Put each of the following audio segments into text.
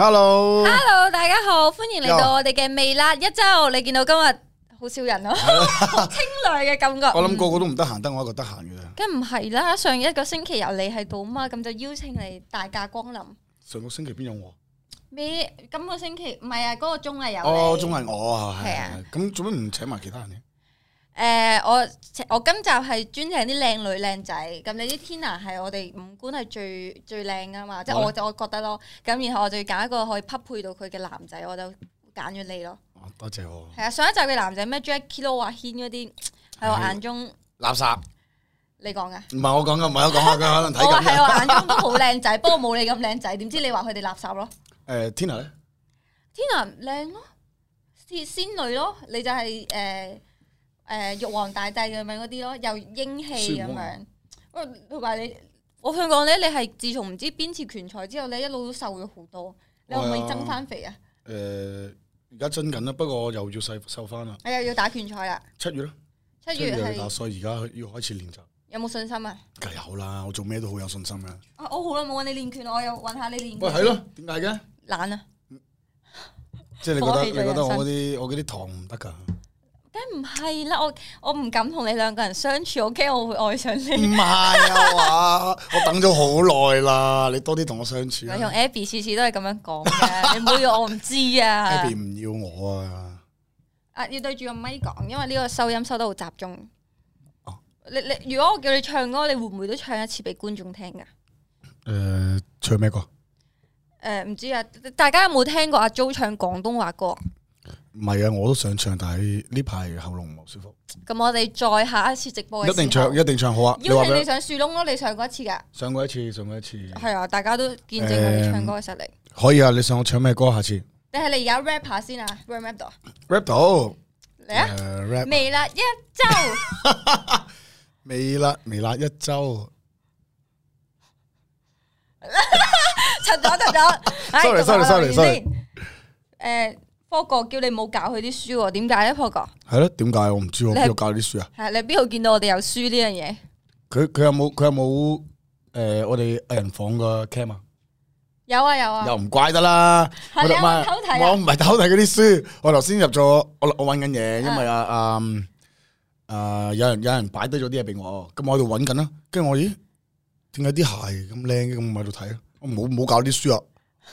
hello，hello，大家好，歡迎嚟到我哋嘅微辣一周。你見到今日好少人咯，清涼嘅感覺。我諗個個都唔得閒，得我一個得閒嘅。梗唔係啦，上一個星期日你喺度啊嘛，咁就邀請你大駕光臨。上個星期邊有我？咩？今個星期唔係啊，嗰個鍾麗有。哦，鍾麗我啊，係啊。咁做乜唔請埋其他人咧？誒，我我今集係專請啲靚女靚仔，咁你啲 Tina 係我哋五官係最最靚噶嘛，即係我我覺得咯。咁然後我就要揀一個可以匹配到佢嘅男仔，我就揀咗你咯。多謝我。係啊，上一集嘅男仔咩 Jack、Kilo、阿軒嗰啲喺我眼中垃圾。你講噶？唔係我講噶，唔係我講噶，可能睇。係我眼中都好靚仔，不過冇你咁靚仔。點知你話佢哋垃圾咯？誒，Tina 咧？Tina 靚咯，Tina 仙女咯，你就係誒。誒、呃，玉皇大帝咁樣嗰啲咯，又英氣咁樣。喂，佢話你，我想講咧，你係自從唔知邊次拳賽之後你一路都瘦咗好多。你可唔可以增翻肥啊？誒、哎，而家增緊啦，不過又要細瘦翻啦。我又要，哎、呀要打拳賽啦，七月咯，七月，七月。所以而家要開始練習。有冇信心啊？梗有啦，我做咩都好有信心噶。啊，我、哦、好耐冇揾你練拳，我又揾下你練拳。喂、哎，係咯，點解嘅？懶啊了！ 即係你覺得你覺得我啲我嗰啲糖唔得噶？唔係、哎、啦，我我唔敢同你兩個人相處，我、OK？驚我會愛上你。唔係啊， 我等咗好耐啦，你多啲同我相處。你同 Abby 次次都係咁樣講， 你唔好以為我唔知啊。Abby 唔要我啊！啊，要對住個咪講，因為呢個收音收得好集中。哦，你你如果我叫你唱歌，你會唔會都唱一次俾觀眾聽噶、啊？誒、呃，唱咩歌？誒、呃，唔知啊，大家有冇聽過阿 Jo 唱廣東話歌？唔係啊，我都想唱，但係呢排喉嚨唔舒服。咁我哋再下一次直播一定唱，一定唱好啊！邀請你上樹窿咯，你上過一次噶？上過一次，上過一次。係啊，大家都見證我哋唱歌嘅實力，嗯。可以啊，你想我唱咩歌？下次？你係你而家 rapper 先啊？rap 唔 rap 到？rap 到。嚟啊，吧啊！rap 微辣一周。微辣， 微辣，一周。出咗出咗，sorry sorry sorry s 誒。 霍哥叫你唔好搞佢啲書，點解咧？霍哥係咧，點解我唔知我是？邊度搞啲書啊？係你邊度見到我哋有書呢樣嘢？佢佢有冇佢有冇誒、呃？我哋藝人房個 cam 啊？有啊有啊！又唔怪得啦。我偷睇，我唔係偷睇啲書。我頭先入咗，我我揾緊嘢，的因為啊啊啊！有人有人擺低咗啲嘢俾我，咁我喺度揾緊啦。跟住我咦？點解啲鞋咁靚嘅？咁我喺度睇啊！我冇冇搞啲書啊！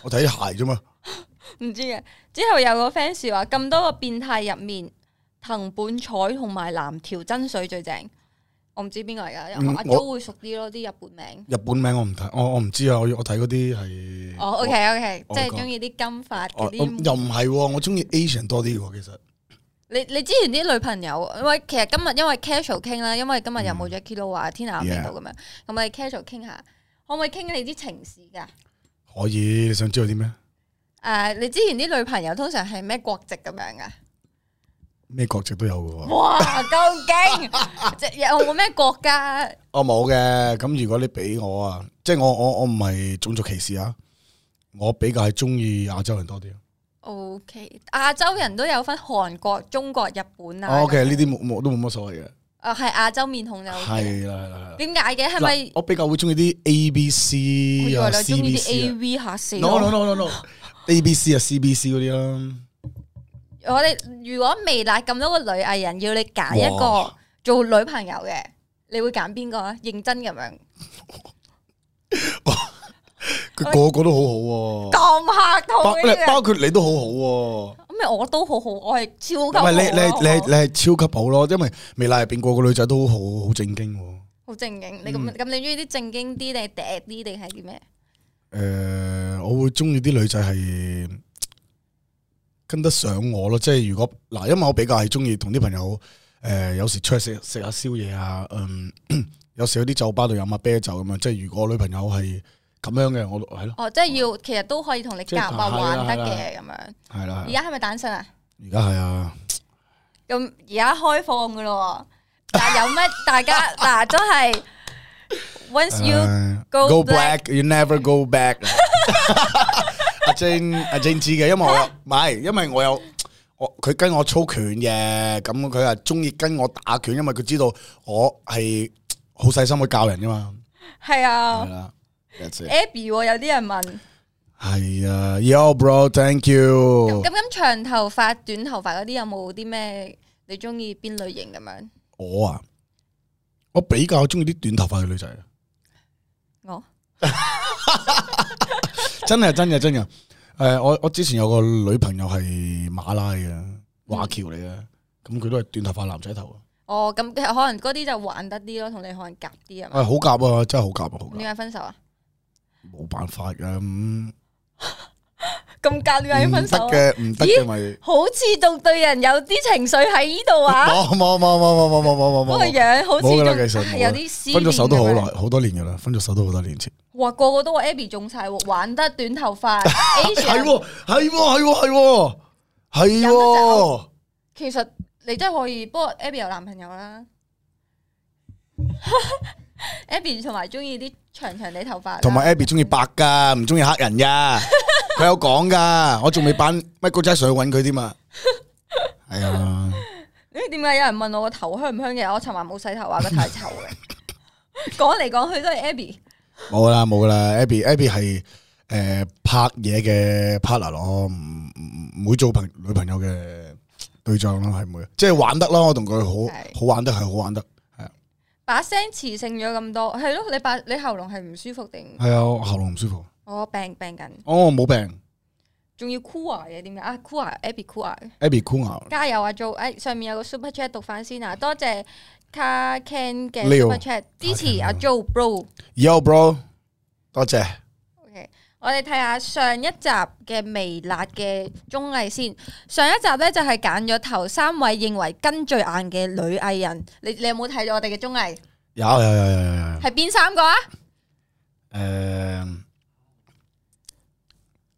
我睇鞋啫嘛。 唔知嘅，之後有個 fans 話咁多個變態入面，藤本彩同埋藍條真水最正，我唔知邊個嚟噶，阿 Joe 會熟啲咯，啲日本名。日本名我唔睇，我我唔知啊，我睇嗰啲係。哦，OK OK，即係中意啲金髮嗰啲。又唔係，我中意 Asian 多啲其實。你你之前啲女朋友，因為其實今日因為 casual 傾啦，因為今日又冇咗 k i e 都話天下。喺度咁樣，咁我哋 casual 傾下，可唔可以傾你啲情事噶？可以，你想知道啲咩？誒，你之前啲女朋友通常係咩國籍咁樣噶？咩國籍都有嘅。哇，咁勁！即有冇咩國家？我冇嘅。咁如果你俾我啊，即係我我我唔係種族歧視啊，我比較係中意亞洲人多啲。O K，亞洲人都有分韓國、中國、日本啊。O K，呢啲都冇乜所謂嘅。啊，係亞洲面孔就係啦係啦。點解嘅？係咪我比較會中意啲 A B C 啊？C B C A V 吓死！No no no no no。A B C 啊，C B C 嗰啲咯。我哋如果微辣咁多個女藝人，要你揀一個做女朋友嘅，你會揀邊個啊？認真咁樣。佢個個都好好喎。咁客套！包括你都好好喎。咁咪我都好好，我係超級好咯。唔係你你你你係超級好咯，因為微辣入邊個個女仔都好好正經。好正經，你咁咁你中意啲正經啲定係嗲啲定係啲咩？誒、呃，我會中意啲女仔係跟得上我咯，即係如果嗱，因為我比較係中意同啲朋友，誒、呃，有時出去食食下宵夜啊，嗯、呃，有時有啲酒吧度飲下啤酒咁樣，即係如果女朋友係咁樣嘅，我係咯，哦，即係要、哦、其實都可以同你夾啊、就是、玩得嘅咁、啊啊、樣，係啦、啊，而家係咪單身啊？而家係啊，咁而家開放噶咯，嗱， 有咩大家嗱都係。 Once you go black, you never go back。阿 Jane，阿 Jane 知嘅，因為我有唔係，因為我有我佢跟我操拳嘅，咁佢係中意跟我打拳，因為佢知道我係好細心去教人噶嘛。係啊，Abby 喎，有啲人問，係啊，Yo，Bro，Thank you。咁咁長頭髮、短頭髮嗰啲有冇啲咩？你中意邊類型咁樣？我啊。我比較中意啲短頭髮嘅女仔啊我 我真係真嘅真嘅，誒，我我之前有個女朋友係馬拉嘅華僑嚟嘅，咁佢都係短頭髮男仔頭啊！哦，咁可能嗰啲就玩得啲咯，同你可能夾啲啊！誒，好夾啊，真係好夾啊！好，點解分手啊？冇辦法㗎 咁急要分手？唔得嘅，唔得嘅咪好似仲對人有啲情緒喺呢度啊！冇冇冇冇冇冇冇冇冇個樣好似仲係有啲思念。分咗手都好耐，好多年噶啦，分咗手都好多年前。哇，個個都話 Abby 中晒，玩得短頭髮。係係係係係，其實你真係可以，不過 Abby 有男朋友啦。Abby 同埋中意啲長長哋頭髮，同埋 Abby 中意白噶，唔中意黑人噶。佢有講噶，我仲未扮乜國仔上去搵佢添嘛？係啊、 哎呀，誒，點解有人問我個頭香唔香嘅？我尋晚冇洗頭，話得太臭嘅。講嚟講去都係 Abby，冇啦冇啦，Abby Abby 係誒、呃、拍嘢嘅 partner 咯，唔唔唔會做朋女朋友嘅對象咯，係唔會，即、就、係、是、玩得啦。我同佢好的好玩得，係好玩得，係啊。把聲磁性咗咁多，係咯？你把你喉嚨係唔舒服定？係啊，喉嚨唔舒服。我病病緊。哦，冇病。仲要 cool 啊點解？阿 cool，Abby cool，Abby cool。加油啊，Joe！誒，上面有個 super chat 讀翻先啊，多謝 Car Ken 嘅 super chat 支持阿 Joe Bro。Yo Bro，多謝。OK，我哋睇下上一集嘅微辣嘅綜藝先。上一集咧就係揀咗頭三位認為跟最硬嘅女藝人。你你有冇睇咗我哋嘅綜藝？有有有有有。係邊三個啊？誒。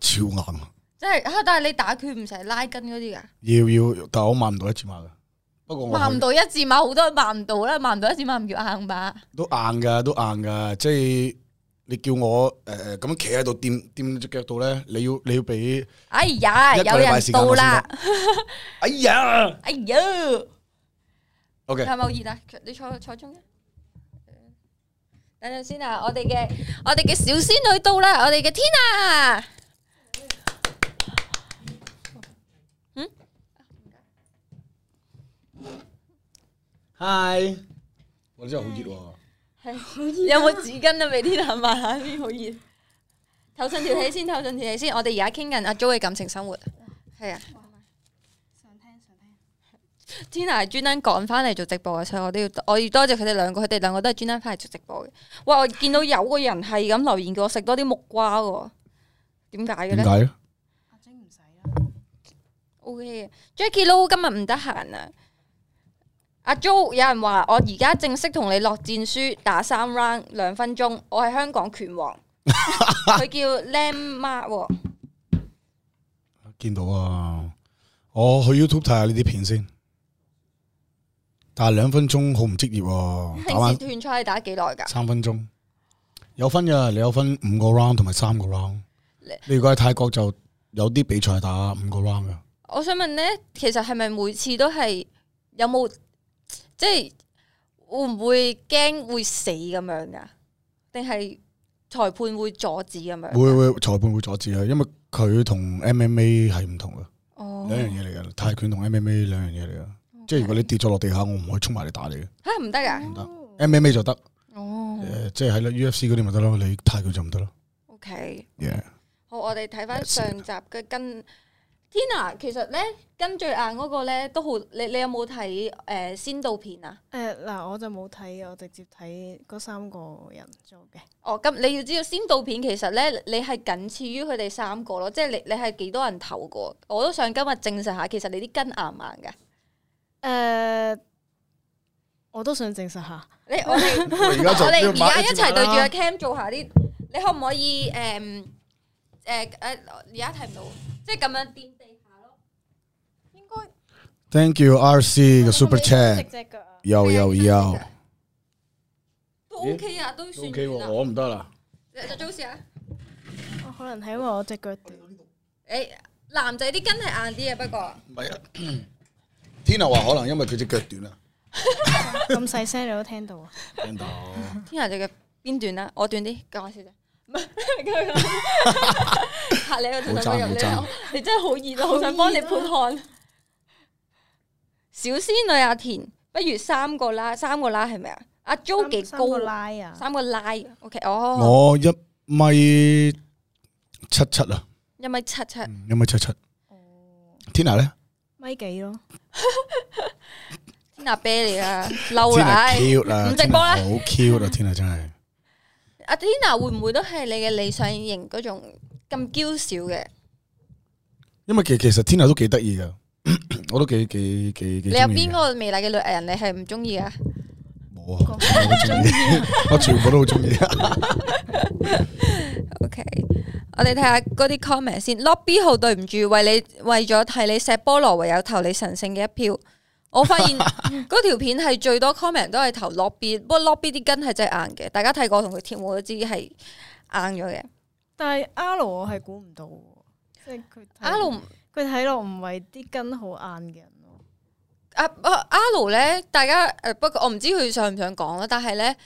超硬啊！即係吓，但係你打拳唔使拉筋嗰啲噶？要要，但我買唔到一字馬噶。不過買唔到一字馬，好多買唔到啦。買唔到一字馬唔叫硬吧？都硬噶，都硬噶。即係你叫我誒咁樣企喺度掂掂隻腳度咧，你要你要俾哎呀，有人到啦！哎呀，哎呀，OK。有冇熱啊？你坐坐中間。等陣先啊！我哋嘅我哋嘅小仙女到啦！我哋嘅天啊！h Hi，我呢度好熱係好熱，有冇紙巾都咪田娜，啊，埋下邊好熱，透上條氣先，透上條氣先。我哋而家傾緊阿 Jo 嘅感情生活，係啊。想聽，想聽。田娜係專登趕翻嚟做直播嘅，所以我都要，我要多謝佢哋兩個，佢哋兩個都係專登翻嚟做直播嘅。哇，我見到有個人係咁留言叫我食多啲木瓜喎，點解嘅咧？阿晶唔使啦 O、okay. K，Jackie Lou 今日唔得閒啊。阿 Jo，有人話我而家正式同你落戰書，打三 round 兩分鐘。我係香港拳王，佢 叫 Lam Mark 喎。見到啊，我去 YouTube 睇下呢啲片先。但係兩分鐘好唔職業，啊。平時拳賽係打幾耐噶？三分鐘。有分噶，你有分五個 round 同埋三個 round。你,你如果喺泰國就有啲比賽打五個 round 噶。我想問咧，其實係咪每次都係有冇？即係會唔會驚會死咁樣噶？定係裁判會阻止咁樣？會會裁判會阻止啊！因為佢同 MMA 係唔同啦，兩、oh. 樣嘢嚟噶，泰拳同 MMA 兩樣嘢嚟噶。Okay. 即係如果你跌咗落地下，我唔可以衝埋嚟打你嘅吓，唔得噶，唔得。唔得 oh. MMA 就得哦，誒，oh. 即係喺咧 UFC 嗰啲咪得咯，你泰拳就唔得咯。O Okay. K，yeah，、okay. 好，我哋睇翻上集嘅跟。天啊，Tina, 其實咧跟最硬嗰、那個咧都好，你你有冇睇誒先導片啊？誒嗱、呃，我就冇睇，我直接睇嗰三個人做嘅。哦，咁你要知道先導片其實咧，你係僅次於佢哋三個咯，即係你你係幾多人投過？我都想今日證實下，其實你啲根硬唔硬㗎？誒、呃，我都想證實下。你我 我而家我哋而家一齊對住個 Cam 做下啲， 你可唔可以誒誒誒？而家睇唔到，即係咁樣癲。Thank you RC 嘅 super chat，又又又都 OK 啊，都 OK，我唔得啦，你就主持啊？我，試試我可能係因為我隻腳短。誒、哎，男仔啲筋係硬啲嘅，不過。唔係啊，Tina 話可能因為佢隻腳短啊。咁細聲你都聽到啊？ 聽到。Tina 隻腳邊短啊？我短啲。講下先啫。唔 係，佢講。吓你個，好爭好爭！你真係好熱啊，好想幫你判汗。小仙女阿田，不如三個啦，三個啦係咪啊？阿 Jo 幾高？三個啦啊！三個啦，OK，我我一米七七啊！一米七七，一米七七。哦，Tina 咧？米幾咯？Tina Baby 啊，溜奶，唔直播咧，好 cute 啊！Tina 真係。阿 Tina 會唔會都係你嘅理想型嗰種咁嬌小嘅？因為其其實 Tina 都幾得意㗎。 我都幾幾幾幾，你有邊個美麗嘅女人你係唔中意啊？冇啊， 我全部都好中意啊。 OK，我哋睇下嗰啲 comment 先。Lobby 號、oh, 對唔住，為你為咗替你食菠蘿，唯有投你神聖嘅一票。我發現嗰條片係最多 comment 都係投 Lobby，不過 Lobby 啲根係真係硬嘅。大家睇過同佢貼我都知係硬咗嘅，但係 R 我係估唔到，即係佢 R 佢睇落唔係啲筋好硬嘅人咯，啊啊。阿阿阿盧咧，大家誒，呃、不過我唔知佢想唔想講啦。但係咧，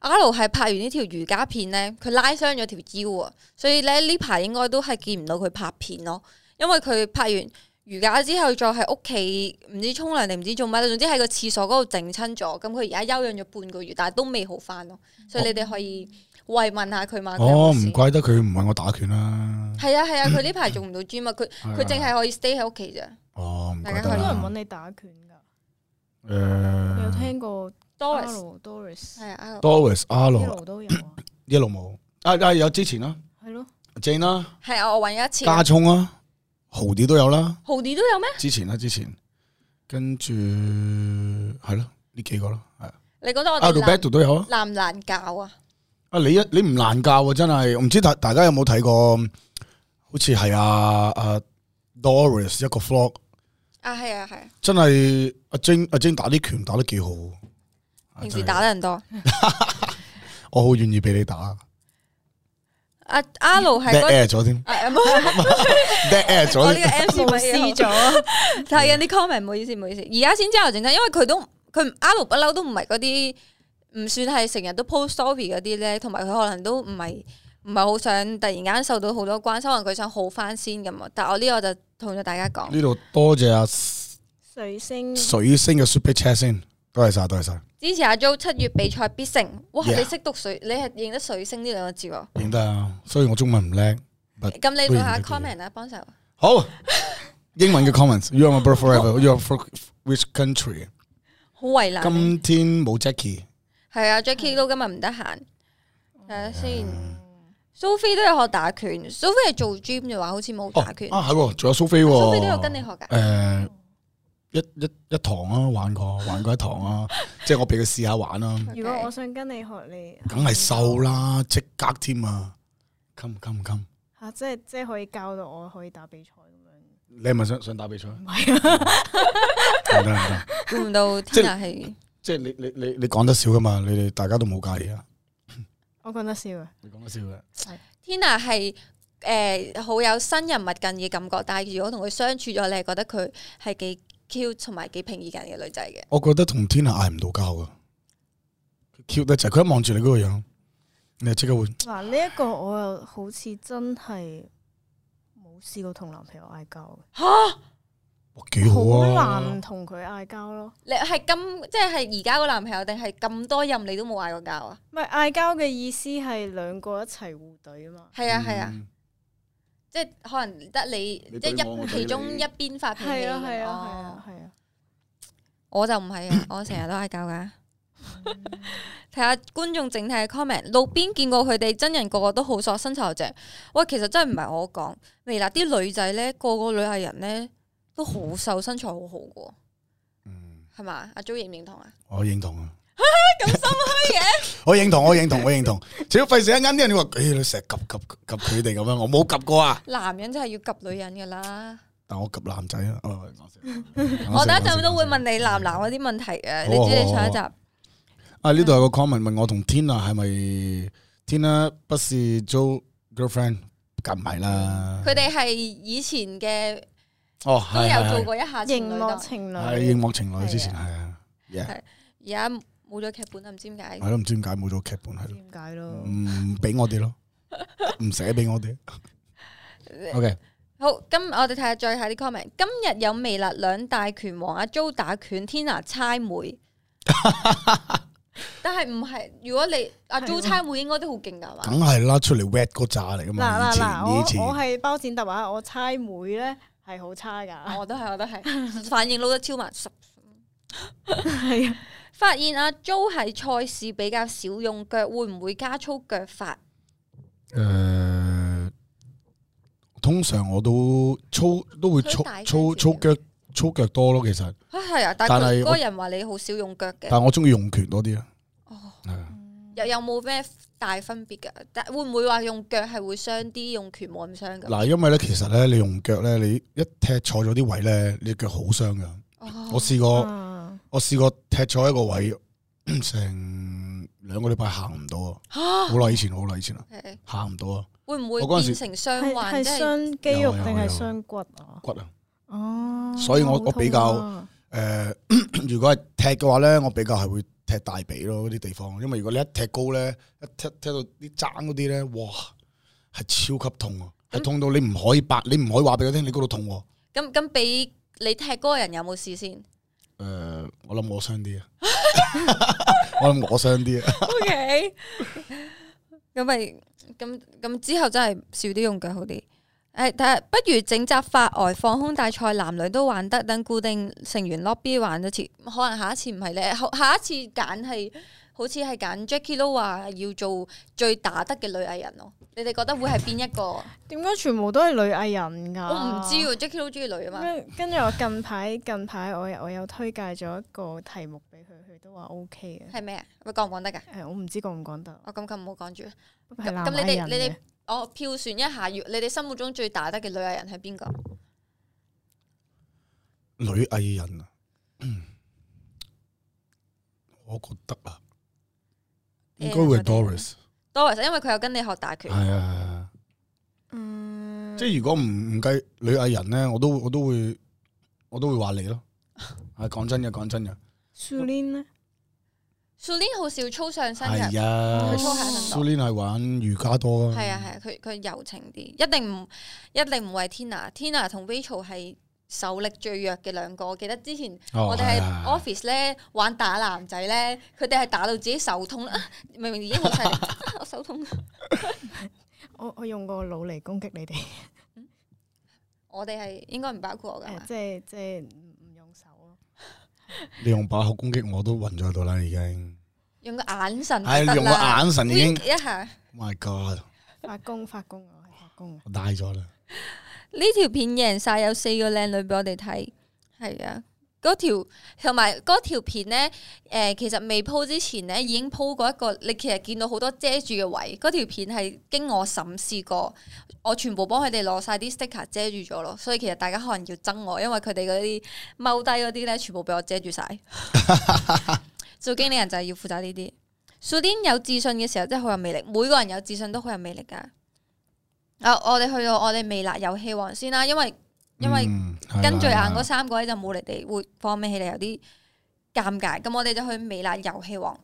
阿盧係拍完呢條瑜伽片咧，佢拉傷咗條腰啊，所以咧呢排應該都係見唔到佢拍片咯。因為佢拍完瑜伽之後，再喺屋企唔知沖涼定唔知做乜啦，總之喺個廁所嗰度整親咗。咁佢而家休養咗半個月，但係都未好翻咯。嗯、所以你哋可以。慰問下佢嘛？哦，唔怪得佢唔揾我打拳啦。係啊係啊，佢呢排做唔到 gym 啊，佢佢淨係可以 stay 喺屋企啫。哦，唔怪得啦。都唔揾你打拳噶。誒，有聽過 Doris？Doris 係啊，Doris 阿羅都有一路冇啊啊有之前啦，係咯正啦。n 係啊，我揾一次加蔥啊，豪啲都有啦，豪啲都有咩？之前啦，之前跟住係咯呢幾個咯，係你覺得我阿羅 b a t 都有啊？難唔難搞啊？啊！你一你唔難教啊，真係我唔知大大家有冇睇過，好似係啊阿 Doris 一個 vlog 啊，係啊，係、啊。真係阿晶阿晶打啲拳打得幾好，平時打得人多。我好願意俾你打。阿阿盧係 back 咗添，back 咗。我呢個 MC 唔知咗，睇緊啲 comment，唔好意思，唔好意思。而家先知道正因為佢都佢阿盧不嬲都唔係嗰啲。唔算係成日都 post story 嗰啲咧，同埋佢可能都唔係唔係好想突然間受到好多關心，可能佢想好翻先咁啊！但係我呢個就同咗大家講。呢度多謝阿水星，水星嘅 superchat 先，多謝晒，多謝晒。支持阿 Jo 七月比賽必勝，哇！你識讀水，你係認得水星呢兩個字？認得啊，雖然我中文唔叻。咁你讀下 comment 啊，幫手。好，英文嘅 comment，You are my brother forever。You are from which country？好為難。今天冇 Jacky。係啊，Jackie 都今日唔得閒，睇下先。Sophie 都有學打拳，Sophie 係做 gym 就話好似冇打拳啊，係喎，仲有 Sophie，Sophie 都有跟你學噶。誒，一一一堂啊，玩過玩過一堂啊，即係我俾佢試下玩啦。如果我想跟你學，你梗係瘦啦，即刻添啊，come come come！吓，即係即係可以教到我可以打比賽咁樣。你係咪想想打比賽？係啊，估唔到，即係。即係你你你你講得少噶嘛？你哋大家都冇介意啊？ 我講得少啊。你講得少嘅。係，Tina 係誒好有生人勿近嘅感覺，但係如果同佢相處咗，你係覺得佢係幾 Q 同埋幾平易近人嘅女仔嘅。我覺得同 Tina 嗌唔到交噶，Q 得滯，佢一望住你嗰個樣，你即刻換。嗱，呢、這、一個我又好似真係冇試過同男朋友嗌交吓？ 幾好啊，好難同佢嗌交咯，你係咁即係而家個男朋友，定係咁多任你都冇嗌過交啊？唔係嗌交嘅意思係兩個一齊互懟啊嘛？係啊係啊，即係可能得你,你即係一其中一邊發脾氣係啊係啊係啊,啊,啊,啊，我就唔係啊。我成日都嗌交噶。睇下觀眾整體嘅 comment，路邊見過佢哋真人個個都好索，身臭正。喂，其實真係唔係我講，微辣啲女仔咧，個個女藝人咧。都好瘦，身材好好噶，嗯，係嘛？阿 Jo 認唔認同啊？我認同啊，咁心虛嘅，我認同，我認同，我認同。只要費事一陣啲人話，誒，你成日及及及佢哋咁樣，我冇及過啊。男人真係要及女人噶啦。但我及男仔啊，我等一陣都會問你男男嗰啲問題嘅，你知你上一集。啊，呢度有個 comment 問我同 Tina 係咪 Tina 不是 Jo girlfriend 夾埋啦？佢哋係以前嘅。哦，都有做過一下熒幕情侶，係熒幕情侶，之前係啊，係而家冇咗劇本啦，唔知點解，係咯，唔知點解冇咗劇本，係點解咯？唔俾我哋咯，唔寫俾我哋。O K，好，今我哋睇下最後啲 comment。今日有微辣，兩大拳王阿 Jo 打拳，Tina 猜妹，但係唔係，如果你阿 Jo 猜妹應該都好勁噶嘛，梗係啦，出嚟 wet 嗰扎嚟噶嘛。嗱嗱嗱，我我係包剪揼話，我猜妹咧。係好差噶，我都係，我都係，反應撈得超慢，十係啊！發現阿 Jo 喺賽事比較少用腳，會唔會加粗腳法？誒、呃，通常我都粗都會粗點點粗腳粗腳粗腳多咯，其實係啊，但係嗰個人話你好少用腳嘅，但係我中意用拳多啲啊，哦，又有冇咩？大分別㗎，但會唔會話用腳係會傷啲，用拳冇咁傷㗎？嗱，因為咧，其實咧，你用腳咧，你一踢錯咗啲位咧，你腳好傷㗎。我試過，我試過踢錯一個位，成兩個禮拜行唔到啊！好耐以前，好耐以前啊，行唔到啊。會唔會？我嗰陣時，變成傷患，即係傷肌肉定係傷骨啊？骨啊！哦，所以我我比較誒，如果係踢嘅話咧，我比較係會。踢大髀咯，嗰啲地方，因為如果你一踢高咧，一踢踢到啲踭嗰啲咧，哇，係超級痛啊，係、嗯、痛到你唔可以白，你唔可以話俾佢聽你嗰度痛，啊。咁咁，俾你踢高嘅人有冇事先？誒、呃，我諗我傷啲啊， 我諗我傷啲啊。OK，咁咪咁咁之後真係少啲用腳好啲。誒，但係不如整集法外放空大賽，男女都玩得，等固定成員 lobby 玩一次，可能下一次唔係咧，下一次揀係好似係揀 Jackie Lou 啊，話要做最打得嘅女藝人咯。你哋覺得會係邊一個？點解全部都係女藝人噶？我唔知喎，Jackie Lou 中意女啊嘛。跟住我近排近排我我有推介咗一個題目俾佢，佢都話 OK 嘅。係咩、嗯？我講唔講得噶？我唔知講唔講得。我咁咁唔好講住。咁你哋。係男藝人嘅。我、oh, 票選一下，越你哋心目中最打得嘅女藝人係邊個？女藝人啊， 我覺得啊，yeah, 應該會 Doris。Doris，因為佢有跟你學打拳。係啊、哎。哎、嗯。即係如果唔唔計女藝人咧，我都我都會我都會話你咯。係講 真嘅，講真嘅。 Sulian 好少操上身嘅，佢操下身。Sulian 係玩瑜伽多咯。係啊係，佢佢柔情啲，一定唔一定唔為 Tina，Tina 同 Rachel 係手力最弱嘅兩個。記得之前我哋係 office 咧玩打男仔咧，佢哋係打到自己手痛啦，明明已經好細力，我手痛。我我用個腦嚟攻擊你哋。我哋係應該唔包括我嘅。即係即係。 你用把口攻擊我都暈咗喺度啦，已經用個眼神係用個眼神已經一下 Wait、oh，My God！發功發功發功，我大咗啦！呢條 片贏晒，有四個靚女俾我哋睇，係啊。嗰條同埋嗰條片咧，誒、呃，其實未鋪之前咧，已經鋪過一個。你其實見到好多遮住嘅位，嗰條片係經我審視過，我全部幫佢哋攞晒啲 sticker 遮住咗咯。所以其實大家可能要憎我，因為佢哋嗰啲踎低嗰啲咧，全部俾我遮住晒。 做經理人就係要負責呢啲。蘇丁 有自信嘅時候真係好有魅力，每個人有自信都好有魅力噶。啊，我哋去到我哋微辣有氣王先啦，因為。因為跟最硬嗰三個咧就冇力地會放咩起嚟，有啲尷尬。咁我哋就去微辣遊戲王。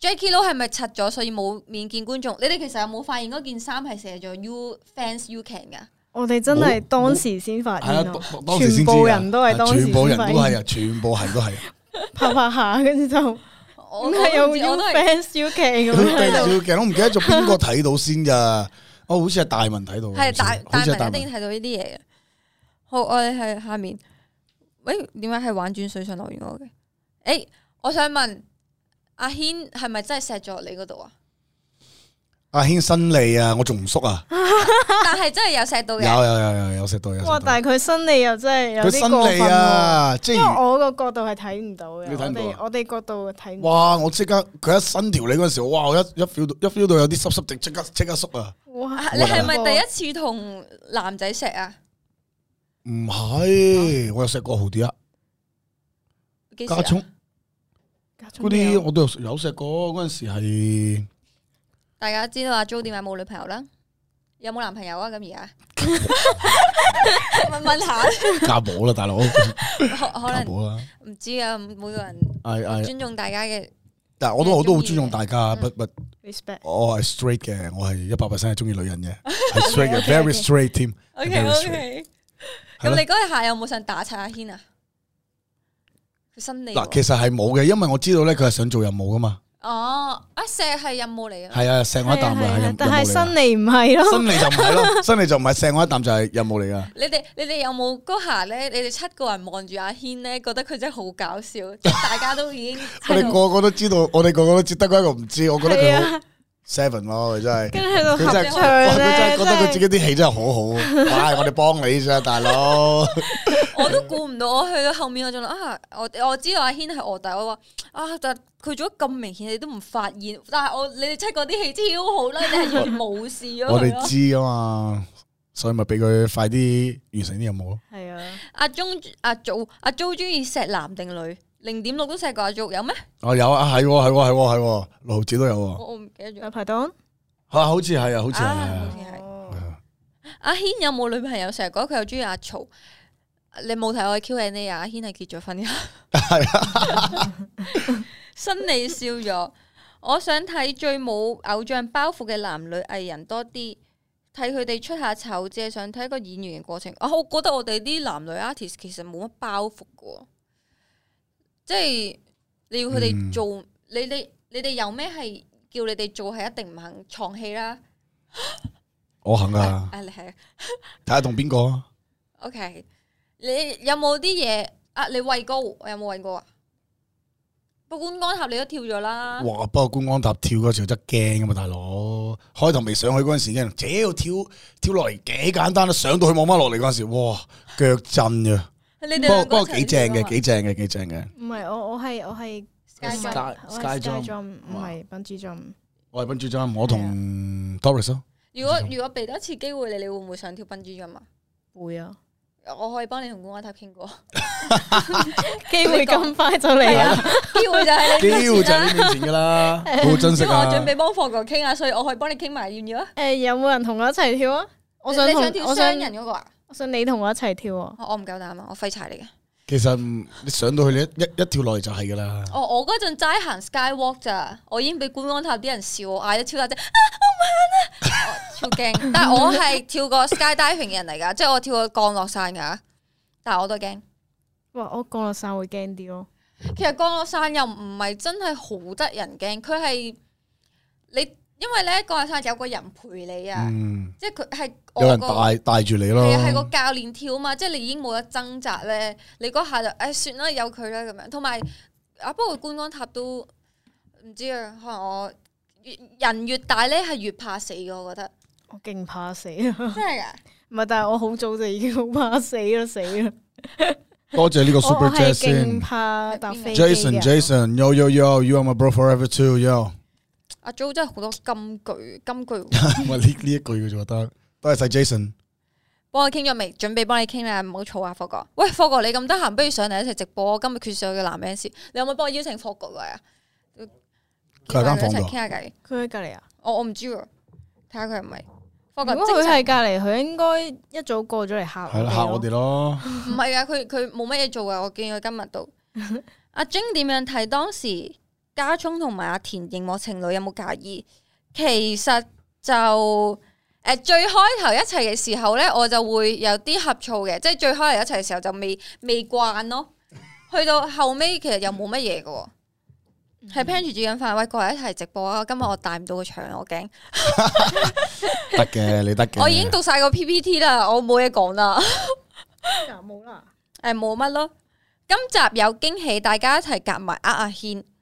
J.K. 佬係咪拆咗，所以冇面見觀眾？你哋其實有冇發現嗰件衫係寫咗 You Fans You Can 噶？我哋真係當時先發現，全部，全部人都係，全部人都係啊，全部人都係。拍拍 下，跟住就我係有 You Fans You Can 咁。我唔記得做邊個睇到先噶？哦， 好似係大文睇到，係大大文一定睇到呢啲嘢好，我哋係下面。喂、欸，點解係玩轉水上樂園我嘅？誒、欸，我想問阿軒，係咪真係錫咗你嗰度啊？阿軒伸脷啊，我仲唔縮啊？但係真係有錫到嘅， 有有有有有錫到嘅。有到哇！但係佢伸脷又真係有啲過分啊，即、啊就是、因為我個角度係睇唔到嘅，我哋我哋角度睇。哇！我即刻佢一伸條脷嗰陣時，哇！我一一 feel 到，一 feel 到有啲濕濕哋，即刻即刻縮啊！哇嘩！ 你係咪第一次同男仔錫啊？唔係，我有食過好啲啊，加蔥。嗰啲我都有食過，嗰陣時係。大家知道阿 Jo 點解冇女朋友啦？有冇男朋友啊？咁而家問問下。家寶啦，大佬。可可能唔知啊，每個人。係係。尊重大家嘅。但係我都我都好尊重大家，不不。Respect。我係 straight 嘅，我係一百 percent 係中意女人嘅，straight 嘅，very straight 添。Okay，okay。咁你嗰日下有冇想打柒阿軒啊？佢伸脷嗱，其實係冇嘅，因為我知道咧，佢係想做任務噶嘛。哦，阿錫係任務嚟啊。係啊，錫我、啊、 一啖咪係任務嚟。但係伸脷唔係咯，伸脷就唔係咯，伸脷就唔係。錫我一啖就係任務嚟噶。你哋你哋有冇嗰下咧？你哋七個人望住阿軒咧，覺得佢真係好搞笑。大家都已經 我哋個個都知道，我哋個個都知，得佢一個唔知，我覺得佢。seven 咯，佢真係，佢真係唱咧，真係覺得佢自己啲戲真係好好。唉， 我哋幫你啫，大佬。 我都估唔到，我去到後面我仲諗，啊，我我知道阿軒係臥底，我話啊，但佢做咁明顯，你都唔發現。但係我你哋出嗰啲戲超好啦， 你係冇事咯。我哋知啊嘛，所以咪俾佢快啲完成啲任務咯。係啊，阿鍾阿祖，阿周中意錫男定女？零點六都石掛住有咩？哦，有啊，係係係係，六毫子都有。啊、oh。我唔記得住咗排檔。啊，好似係、oh. 啊，好似係。阿軒有冇女朋友？成日覺得佢又中意阿曹。你冇睇我嘅 Q&A？啊？阿軒係結咗婚啊？係啊。新李笑咗。 我想睇最冇偶像包袱嘅男女藝人多啲，睇佢哋出下醜，只係想睇個演員嘅過程。哦、啊，我覺得我哋啲男女 artist 其實冇乜包袱噶。即係你要佢哋做，嗯、你哋你哋有咩係叫你哋做係一定唔肯藏戲啦？ 我肯噶，誒你係睇下同邊個？O K，你有冇啲嘢啊？你畏高，我有冇畏高啊？不過觀光塔你都跳咗啦？哇！不過觀光塔跳嗰時候真驚噶嘛，大佬。開頭未上去嗰陣時已經，只要跳跳落嚟幾簡單啊！上到去望翻落嚟嗰陣時，哇，腳震嘅。 不過不幾正嘅，幾正嘅，幾正嘅。唔係我我係我係 sky s 係蹦珠 j m 我係蹦珠 jump，我同 t o r i s 如果如果俾多次機會你，你會唔會想跳蹦珠 jump 啊？會啊，我可以幫你同公關塔傾過。機會咁快就嚟啦，機會就喺你開始啦。丟盡啲錢噶啦，好真實啊！我準備幫房哥傾下，所以我可以幫你傾埋，願意啦。誒，有冇人同我一齊跳啊？我想跳雙人嗰個啊。我想你同我一齊跳啊、哦哦！我唔夠膽啊！我廢柴嚟嘅。其實你上到去你一一跳落嚟就係噶啦。哦，我嗰陣齋行 skywalk 咋，我已經俾觀光塔啲人笑我，嗌得超大聲。啊，我慢啊！ 哦、超驚，但係我係跳過 skydiving 嘅人嚟噶，即係 我跳過降落傘噶，但係我都驚。哇！我降落傘會驚啲咯。其實降落傘又唔係真係好得人驚，佢係你。因為咧嗰下有個人陪你啊，嗯、即係佢係有人帶帶住你咯，係個教練跳嘛，嗯、即係你已經冇得掙扎咧，你嗰下就誒、哎、算啦，有佢啦咁樣。同埋啊，不過觀光塔都唔知啊，可能我人越大咧，係越怕死嘅，我覺得我勁怕死啊，真係啊。唔係，但係我好早就已經好怕死啊。死啊！ 多謝呢個 Super Jason，我好怕搭飛機，Jason，Jason，Yo Yo Yo，You are my bro forever too，Yo。阿 Jo 真係好多金句，金句。我呢呢一句嘅就得，多謝晒 Jason。幫我傾咗未？準備幫你傾啦，唔好吵啊！霍哥，喂，霍哥，你咁得閒，不如上嚟一齊直播。今日缺少嘅男人士，你有冇幫我邀請霍哥嚟啊？喺間房度傾下偈。佢喺隔籬啊？我我唔知喎，睇下佢係咪。霍哥，即如果佢係隔籬，佢應該一早過咗嚟吓，吓我哋咯。唔係啊，佢佢冇乜嘢做啊，我見佢今日都阿晶點樣睇當時。家聰同埋阿田熒幕情侶有冇介意？其實就誒最開頭一齊嘅時候咧，我就會有啲呷醋嘅，即係最開頭一齊嘅時候就未未慣咯。去到後尾其實又冇乜嘢嘅，係、嗯、Patrick 煮緊飯，喂過嚟一齊直播啊！今日我帶唔到個場，我驚得嘅你得嘅， 我已經讀晒個 PPT 啦，我冇嘢講啦，冇啦，誒冇乜咯。今集有驚喜，大家一齊夾埋呃阿軒。啊啊啊啊啊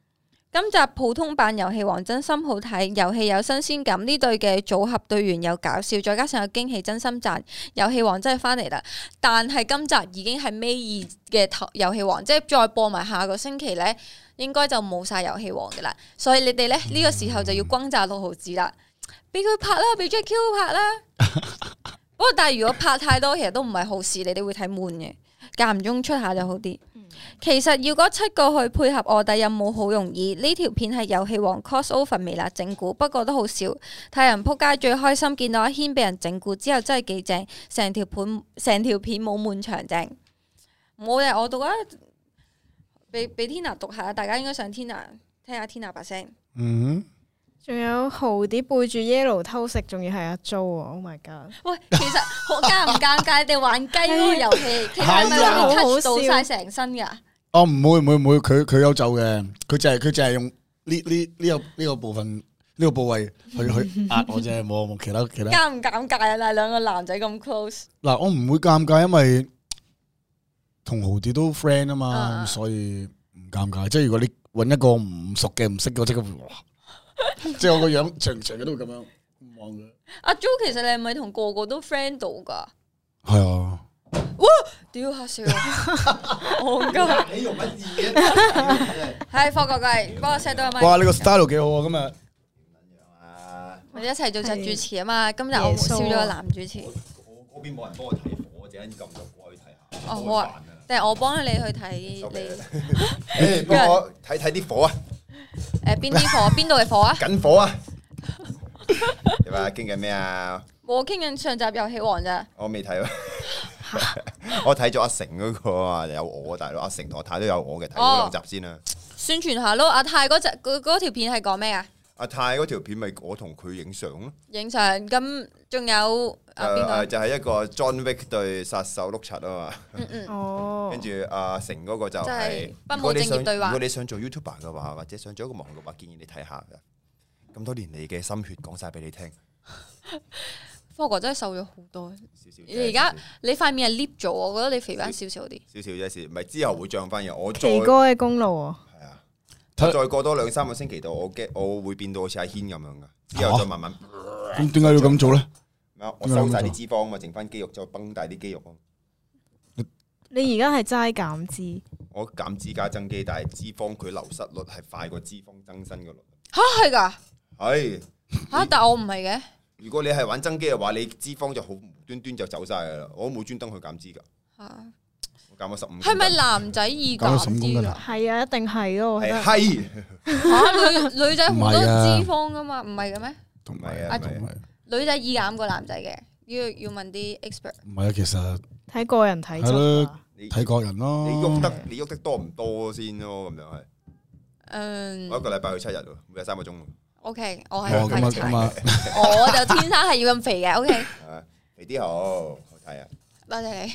今集普通版《遊戲王》真心好睇，遊戲有新鮮感，呢隊嘅組合隊員又搞笑，再加上有驚喜，真心讚！《遊戲王》真係翻嚟啦，但係今集已經係尾二嘅頭，《遊戲王》即係再播埋下個星期呢，應該就冇晒《遊戲王》噶啦，所以你哋呢，呢、嗯、個時候就要轟炸六毫子啦，俾佢拍啦，俾 JQ 拍啦，不過 但係如果拍太多，其實都唔係好事，你哋會睇悶嘅。間唔中出下就好啲。其實要嗰七個去配合臥底任務有冇好容易？呢條片係遊戲王 crossover 微辣整蠱，不過都好少。太陽撲街最開心見到阿軒俾人整蠱之後真係幾正，成條盤成條片冇滿場正。冇哋我讀啊，俾俾天娜讀下，大家應該上天娜聽下天娜把聲。嗯、mm。Hmm. 仲有豪蝶背住 Yellow 偷食，仲要係阿 Jo 啊！Oh my god！喂，其實好尷唔尷尬？ 你哋玩雞嗰個遊戲，係咪話黐到晒成身噶？哦、 哎，唔會唔會唔會，佢佢有走嘅，佢就係佢就係用呢呢呢個呢個部分呢 個部位去去。壓我啫。冇冇其他其他。尷唔尷尬啊？嗱，兩個男仔咁 close。嗱，我唔會尷尬，因為同豪蝶都 friend 啊嘛，啊所以唔尷尬。即係如果你搵一個唔熟嘅唔識嘅，即刻。即係我個樣，長長嘅都咁樣望佢。阿 Jo，其實你係咪同個個都 friend 到噶？係啊。哇！屌，啊！我唔該。哎，霍哥哥，幫我 set 到阿媽。哇，你個 style 幾好啊！今日咁啊。我哋一齊做隻主持啊嘛，今日我少咗個男主持。我我邊冇人幫我睇火，我只係撳入過去睇下。哦，好啊。定係我幫你去睇你。誒，幫我睇睇啲火啊！誒，邊啲火？邊度嘅火啊？緊火啊！你話？ 傾緊咩啊？ 我傾緊上集遊戲《遊戲王》咋 ？我未睇喎，我睇咗阿成嗰、那個啊，有我大佬阿成同阿泰都有我嘅睇嗰兩集先啦、哦。宣傳下咯，阿泰嗰集佢嗰條片係講咩啊？阿泰嗰條片咪我同佢影相咯，影相咁仲有誒，就係一個 John Wick 對殺手碌柒啊嘛，嗯嗯哦，跟住阿成嗰個就係，如果你想如果你想做 YouTuber 嘅話，或者想做一個網絡，建議你睇下嘅，咁多年嚟嘅心血講晒俾你聽，霍哥真係瘦咗好多，少少啫，而家你塊面係 lift 咗，我覺得你肥翻少少啲，少少啫，唔係之後會漲翻嘅，我奇哥嘅功勞啊，係啊。再過多兩三個星期度，我驚我會變到好似阿軒咁樣噶，之後再慢慢。點解、啊、要咁做咧？我收晒啲脂肪啊嘛，剩翻肌肉再崩大啲肌肉咯。你而家係齋減脂？我減脂加增肌，但係脂肪佢流失率係快過脂肪增生嘅咯。吓，係噶？係。吓，但我唔係嘅。如果你係玩增肌嘅話，你脂肪就好無端端就走晒噶啦，我冇專登去減脂噶。係、啊減咗十五，係咪男仔易減啲？係啊，一定係咯，我覺得。係吓，女女仔好多脂肪噶嘛，唔係嘅咩？同埋啊，同埋女仔易減過男仔嘅，要要問啲 expert。唔係啊，其實睇個人體重啊，睇個人咯，你喐得你喐得多唔多先咯，咁樣係。嗯，我一個禮拜去七日咯，每日三個鐘。OK，我係好開心，我就天生係要咁肥嘅。OK，啊，肥啲好，好睇啊，多謝你。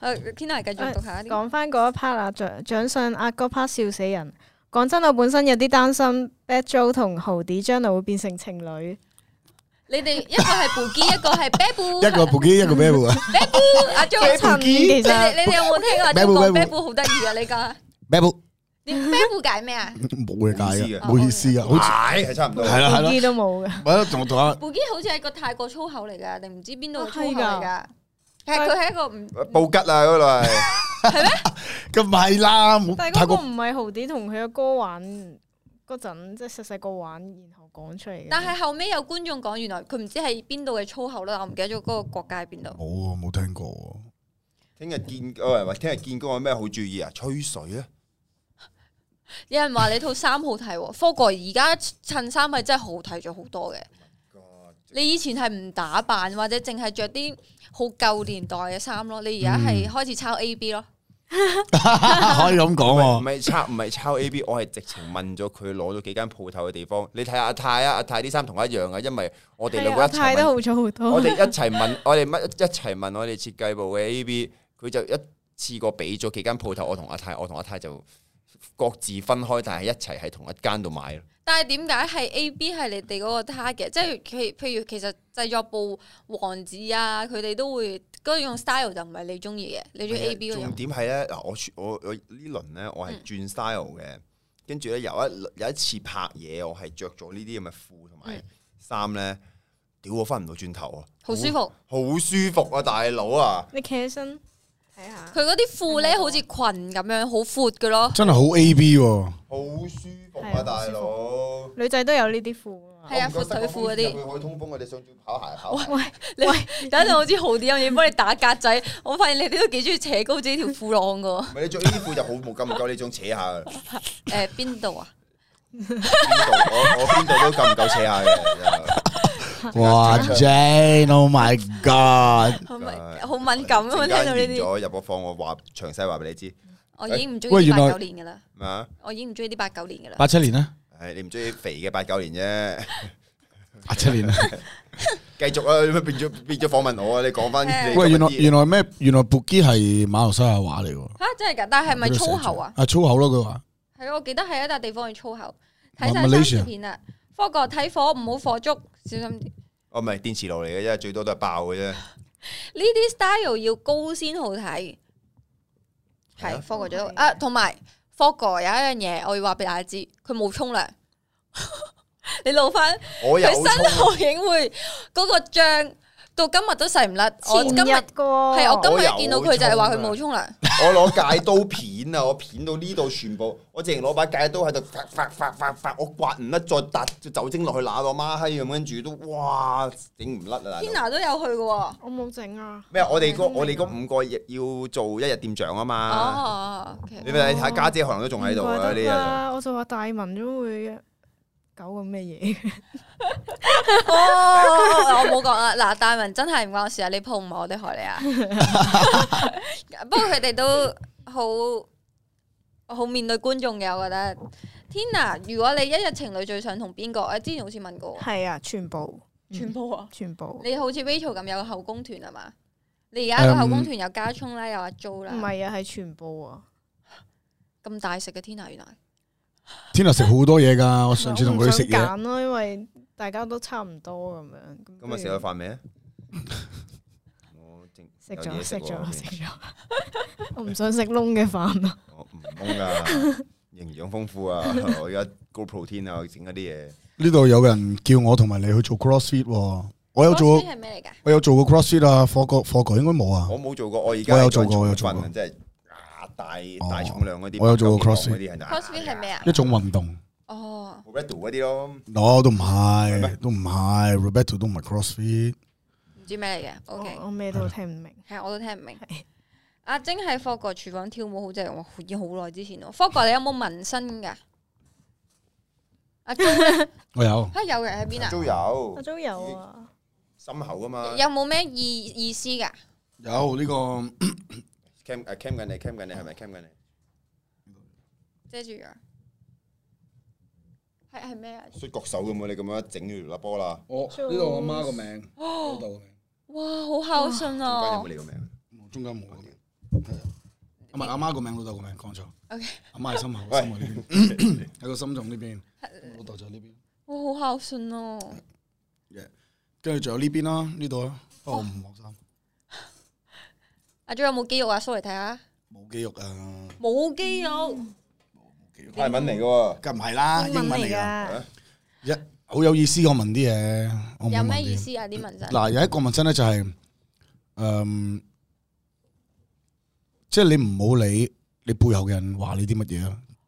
田娜繼續講翻嗰一 part 啊，掌獎上阿哥 part 笑死人。講真，我本身有啲擔心 Black Joe 同豪 D 將來會變成情侶。你哋一個係 Buky，一個係 Babel，一個 Buky，一個 Babe 啊。Babel 阿 Joe 好襯，其實你哋有冇聽啊 Babe Babe 好得意啊！你個 Babe 你 Babe 解咩啊？冇嘢解啊，冇意思啊，好似係差唔多，係咯係咯，二都冇嘅。唔好，仲讀下 Buky，好似係個泰國粗口嚟噶，定唔知邊度粗口嚟噶？佢係一個唔布吉啊嗰度係，係咩？咁唔係啦，但係嗰個唔係豪子同佢嘅歌玩嗰陣，即係細細個玩，然後講出嚟。但係後尾有觀眾講，原來佢唔知係邊度嘅粗口啦，我唔記得咗嗰個國家喺邊度。冇、哦，冇聽過。聽日見，喂、哎、喂，聽日見過有咩好注意啊？吹水啊！ 有人話你套衫好睇，f 霍哥而家襯衫係真係好睇咗好多嘅。你以前係唔打扮，或者淨係着啲好舊年代嘅衫咯。嗯、你而家係開始抄 A B 咯？可以咁講喎，唔係抄，唔係抄 A B， 我係直情問咗佢攞咗幾間鋪頭嘅地方。你睇下阿太啊，阿太啲衫同一樣啊，因為我哋兩個、哎、阿一都好咗好多。我哋一齊問，我哋乜一齊問我哋設計部嘅 A B，佢就一次過俾咗幾間鋪頭，我同阿太，我同阿太就各自分開，但係一齊喺同一間度買咯。但係點解係 A B 係你哋嗰個 target？即係譬譬如，其實製作部王子啊，佢哋都會嗰種 style 就唔係你中意嘅，你中意 A B？重點係咧嗱，我我我呢輪咧，我係轉 style 嘅，跟住咧有一有一次拍嘢，我係着咗呢啲咁嘅褲同埋衫咧，屌、嗯、我翻唔到轉頭啊！好舒服好，好舒服啊，大佬啊！你企起身。佢嗰啲褲咧，好似裙咁樣，好闊㗎咯。真係好 A B，好舒服啊，大佬。女仔都有呢啲褲。係啊，闊腿褲嗰啲。會通風嘅，哋想跑鞋跑鞋。喂喂，等陣我知好啲有嘢幫你打格仔。我發現你哋都幾中意扯高自己條褲浪㗎。唔係你着呢啲褲就好冇咁唔夠，你想扯下？誒，邊度啊？邊度？我我邊度都夠唔夠扯下嘅。哇，Jane！Oh my God！係咪好敏感咁啊？聽到呢啲，入個房我話詳細話俾你知。我已經唔中意八九年噶啦。我已經唔中意啲八九年噶啦。八七年啦。係你唔中意肥嘅八九年啫。八七年啦。繼續啊！變咗變咗訪問我啊！你講翻。喂，原來原來咩？原來 Buki 係馬來西亞話嚟噶。吓，真係噶，但係係咪粗口啊？啊，粗口咯，佢話。係，我記得係一笪地方嘅粗口，睇晒三片片啦。霍哥睇火唔好火燭，小心啲。哦，唔係電磁爐嚟嘅，因為最多都係爆嘅啫。呢啲 style 要高先好睇，係霍哥最好。啊。同埋霍哥有一樣嘢，我要話俾大家知，佢冇沖涼， 你露翻，你新後影會嗰個像。到今日都洗唔甩，我今日個係我今日見到佢就係話佢冇沖涼。我攞戒刀片啊，我片到呢度全部，我淨係攞把戒刀喺度，發發發發，我刮唔甩，再搭隻酒精落去揦個孖閪咁，跟住都哇整唔甩啊！Tina 都有去嘅喎，我冇整啊。咩？我哋嗰我哋五個要要做一日店長啊嘛。你咪睇家姐可能都仲喺度啊啲啊。我就話大文都會。搞個咩嘢？我冇講啊！嗱、呃，大文真係唔關我事啊！你扑唔係我哋害你啊！ 不過佢哋都好，好面對觀眾嘅，我覺得。天 i 如果你一日情侶最想同邊個？誒，之前好似問過，係啊，全部，嗯、全部啊，全部。你好似 Rachel 咁有個後宮團啊嘛？你而家個後宮團又加充啦，又、嗯、阿 Jo 啦，唔係啊，係全部啊！咁大食嘅天 i 原來、啊。天樂食好多嘢噶我上次同佢食嘢咯，因為大家都差唔多咁樣。咁啊，食咗飯未啊？我食咗，食咗，食咗。我唔想食窿嘅飯，我唔窿噶營養豐富啊！我而家 g o protein 啊，整嗰啲嘢。呢度有人叫我同埋你去做 crossfit，我有做。係咩噶？我有做過 crossfit 啊，forgot 應該冇啊。我冇做過，我而家我有做過，我有做過，即係。大大重量嗰啲，我有做 crossfit 嗰啲啊！Crossfit 係咩啊？一種運動哦，rebel 嗰啲咯，嗱都唔係，都唔係 rebel 都唔係 crossfit。唔知咩嚟嘅？OK，我咩都聽唔明，係我都聽唔明。阿晶喺《霍哥廚房》跳舞好正，我好已好耐之前咯。霍哥，你有冇紋身噶？阿晶，我有。啊有嘅喺邊啊？都有，我都有啊。心口啊嘛。有冇咩意意思噶？有呢個。cam 誒 cam 緊你 cam 緊你係咪 cam 緊你遮住樣，係係咩啊？摔角手咁喎，你咁樣整住熱辣波啦！我呢度我阿媽個名，老豆個名，哇好孝順啊！中間有冇你個名？中間冇，係啊。阿媽阿媽個名，老豆個名，講錯。阿媽喺心口，心口呢邊喺個心臟呢邊，老豆就喺呢邊。我好孝順哦。耶，跟住仲有呢邊啦，呢度啊，哦唔陌生。阿 Joe 有冇肌肉啊？show 嚟睇下。冇肌肉啊。冇肌肉。肌肉英文嚟嘅喎，梗唔係啦。英文嚟噶。啊、一好有意思，我問啲嘢。有咩意思啊？啲紋身。嗱，有一個紋身咧就係、是，嗯，即、就、係、是、你唔好理你背後嘅人話你啲乜嘢啦。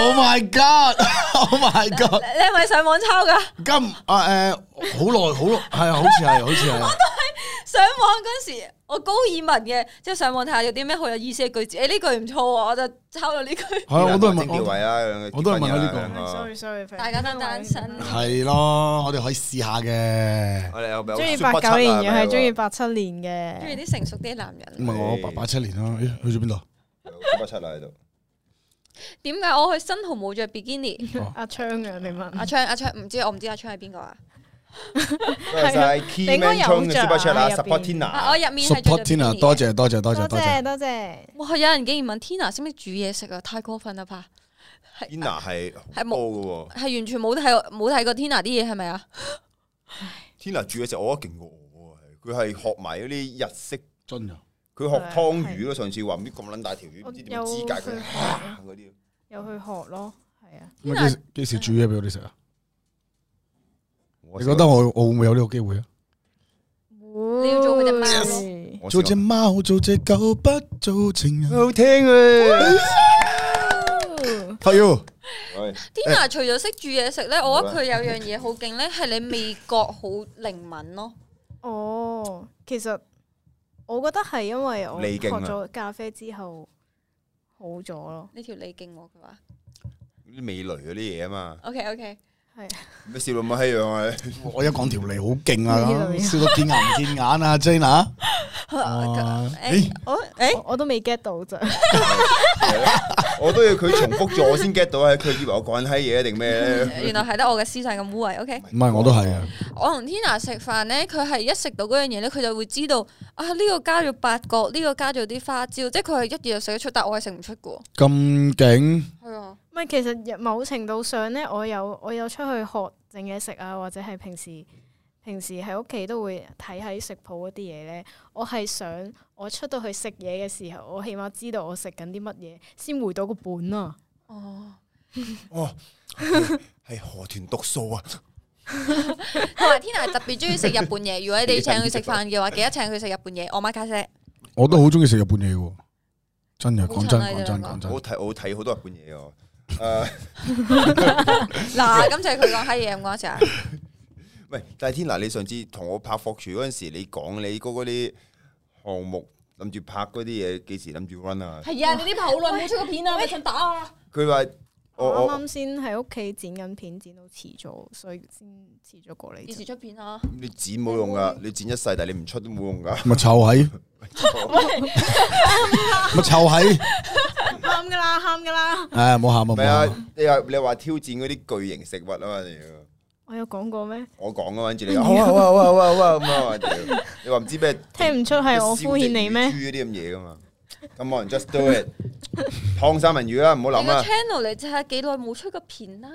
Oh my God! Oh my God! 你係咪上網抄噶？今啊誒，好耐好係啊，好似係好似係。我都係上網嗰時，我高耳聞嘅，即係上網睇下有啲咩好有意思嘅句子。誒，呢句唔錯啊，我就抄咗呢句。係，我都係問喬偉啊，我都係問咗呢個啊。sorry sorry，大家都單身。係咯，我哋可以試下嘅。我哋有比較中意八九年嘅，係中意八七年嘅。中意啲成熟啲男人。唔係我八八七年啦，去咗邊度？八七啊喺度。點解我去新濠冇着比基尼？阿昌啊，你問阿昌，阿昌唔知，我唔知阿昌係邊個啊？係啊，你應該有着啦。support t i n 我入面 s u p p 多謝多謝多謝多謝多謝。我有人竟然問 Tina，使唔使煮嘢食啊？太過分啦，怕 t i n 係係冇噶係完全冇睇冇睇過 Tina 啲嘢，係咪啊？Tina 煮嘢食，我覺得勁過我，佢係學埋嗰啲日式樽啊。佢學湯魚咯，上次話唔知咁撚大條魚，唔知點肢解佢嗰啲，又去學咯，係啊。幾幾時煮嘢俾我哋食啊？你覺得我我會唔會有呢個機會啊？你要做隻貓，做隻狗，不做情人，好聽啊！Tina 除咗識煮嘢食咧，我覺得佢有樣嘢好勁咧，係你味覺好靈敏咯。哦，其實。我覺得係因為我學咗咖啡之後好咗咯。呢了條理經，佢話啲味蕾嗰啲嘢啊嘛。OK OK。咩笑到咁閪樣啊！我一講條脷好勁啊，笑到見牙唔見眼啊！Jane，誒我誒我都未 get 到咋，我都要佢重複咗我先 get 到啊！佢以為我講緊閪嘢定咩？原來係得我嘅思想咁污穢，OK？唔係我都係啊！我同 Tina 食飯咧，佢係一食到嗰樣嘢咧，佢就會知道啊，呢個加咗八角，呢個加咗啲花椒，即係佢係一嘢就食得出，但我係食唔出噶。咁勁係啊！唔係，其實某程度上咧，我有我有出去學整嘢食啊，或者係平時平時喺屋企都會睇喺食譜嗰啲嘢咧。我係想我出到去食嘢嘅時候，我起碼知道我食緊啲乜嘢，先回到個本啊！哦哦，係河豚毒素啊！同埋天 i 特別中意食日本嘢。如果你請佢食飯嘅話，記得請佢食日本嘢。我阿卡西，我都好中意食日本嘢，真嘅。講 真講、啊、真講真，看我睇睇好多日本嘢啊！誒，嗱，今次佢講閪嘢咁嗰陣，唔係、awesome 但係田娜，你上次同我拍《霍樹》嗰陣時，你講你嗰嗰啲項目諗住拍嗰啲嘢，幾時諗住 run 啊？係啊，你呢排好耐冇出過片啊，咩喂？想打啊？佢話。我啱啱先喺屋企剪緊片，剪到遲咗，所以先遲咗過嚟。幾時出片啊？你剪冇用噶，你剪一世，但係你唔出都冇用噶。咪臭閪！咪臭閪！啱噶啦，喊噶啦！誒，冇喊冇。咩啊？你又你話挑戰嗰啲巨型食物啊嘛？屌！我有講過咩？我講啊，跟住你話哇哇哇哇哇咁啊屌！你話唔知咩？聽唔出係我敷衍你咩？豬嗰啲咁嘢噶嘛？Come on, just do it！湯三文魚啦，唔好諗啊！Channel 嚟，即係幾耐冇出個片啦？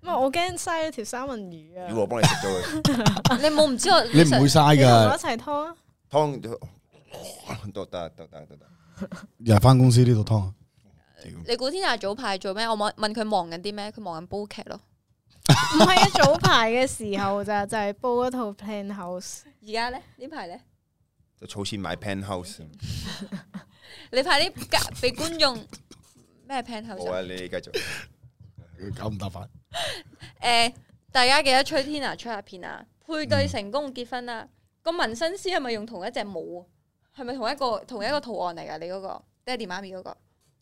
唔係，我驚嘥咗條三文魚啊！我幫你食咗佢。你冇唔知我？你唔會嘥噶？我一齊湯啊！湯得得得得得！又翻公司呢度湯啊！你古天樂早排做咩？我問問佢忙緊啲咩？佢忙緊煲劇咯。唔係啊！早排嘅時候就就係煲一套《Penthouse》。而家咧？呢排咧？就儲錢買 penthouse。你快啲俾觀眾咩 penthouse？好啊，你繼續。搞唔得翻。誒，大家記得吹天啊，吹下片啊，配對成功結婚啦。個紋身師係咪用同一隻帽？係咪同一個同一個圖案嚟噶？你嗰個爹哋媽咪嗰個？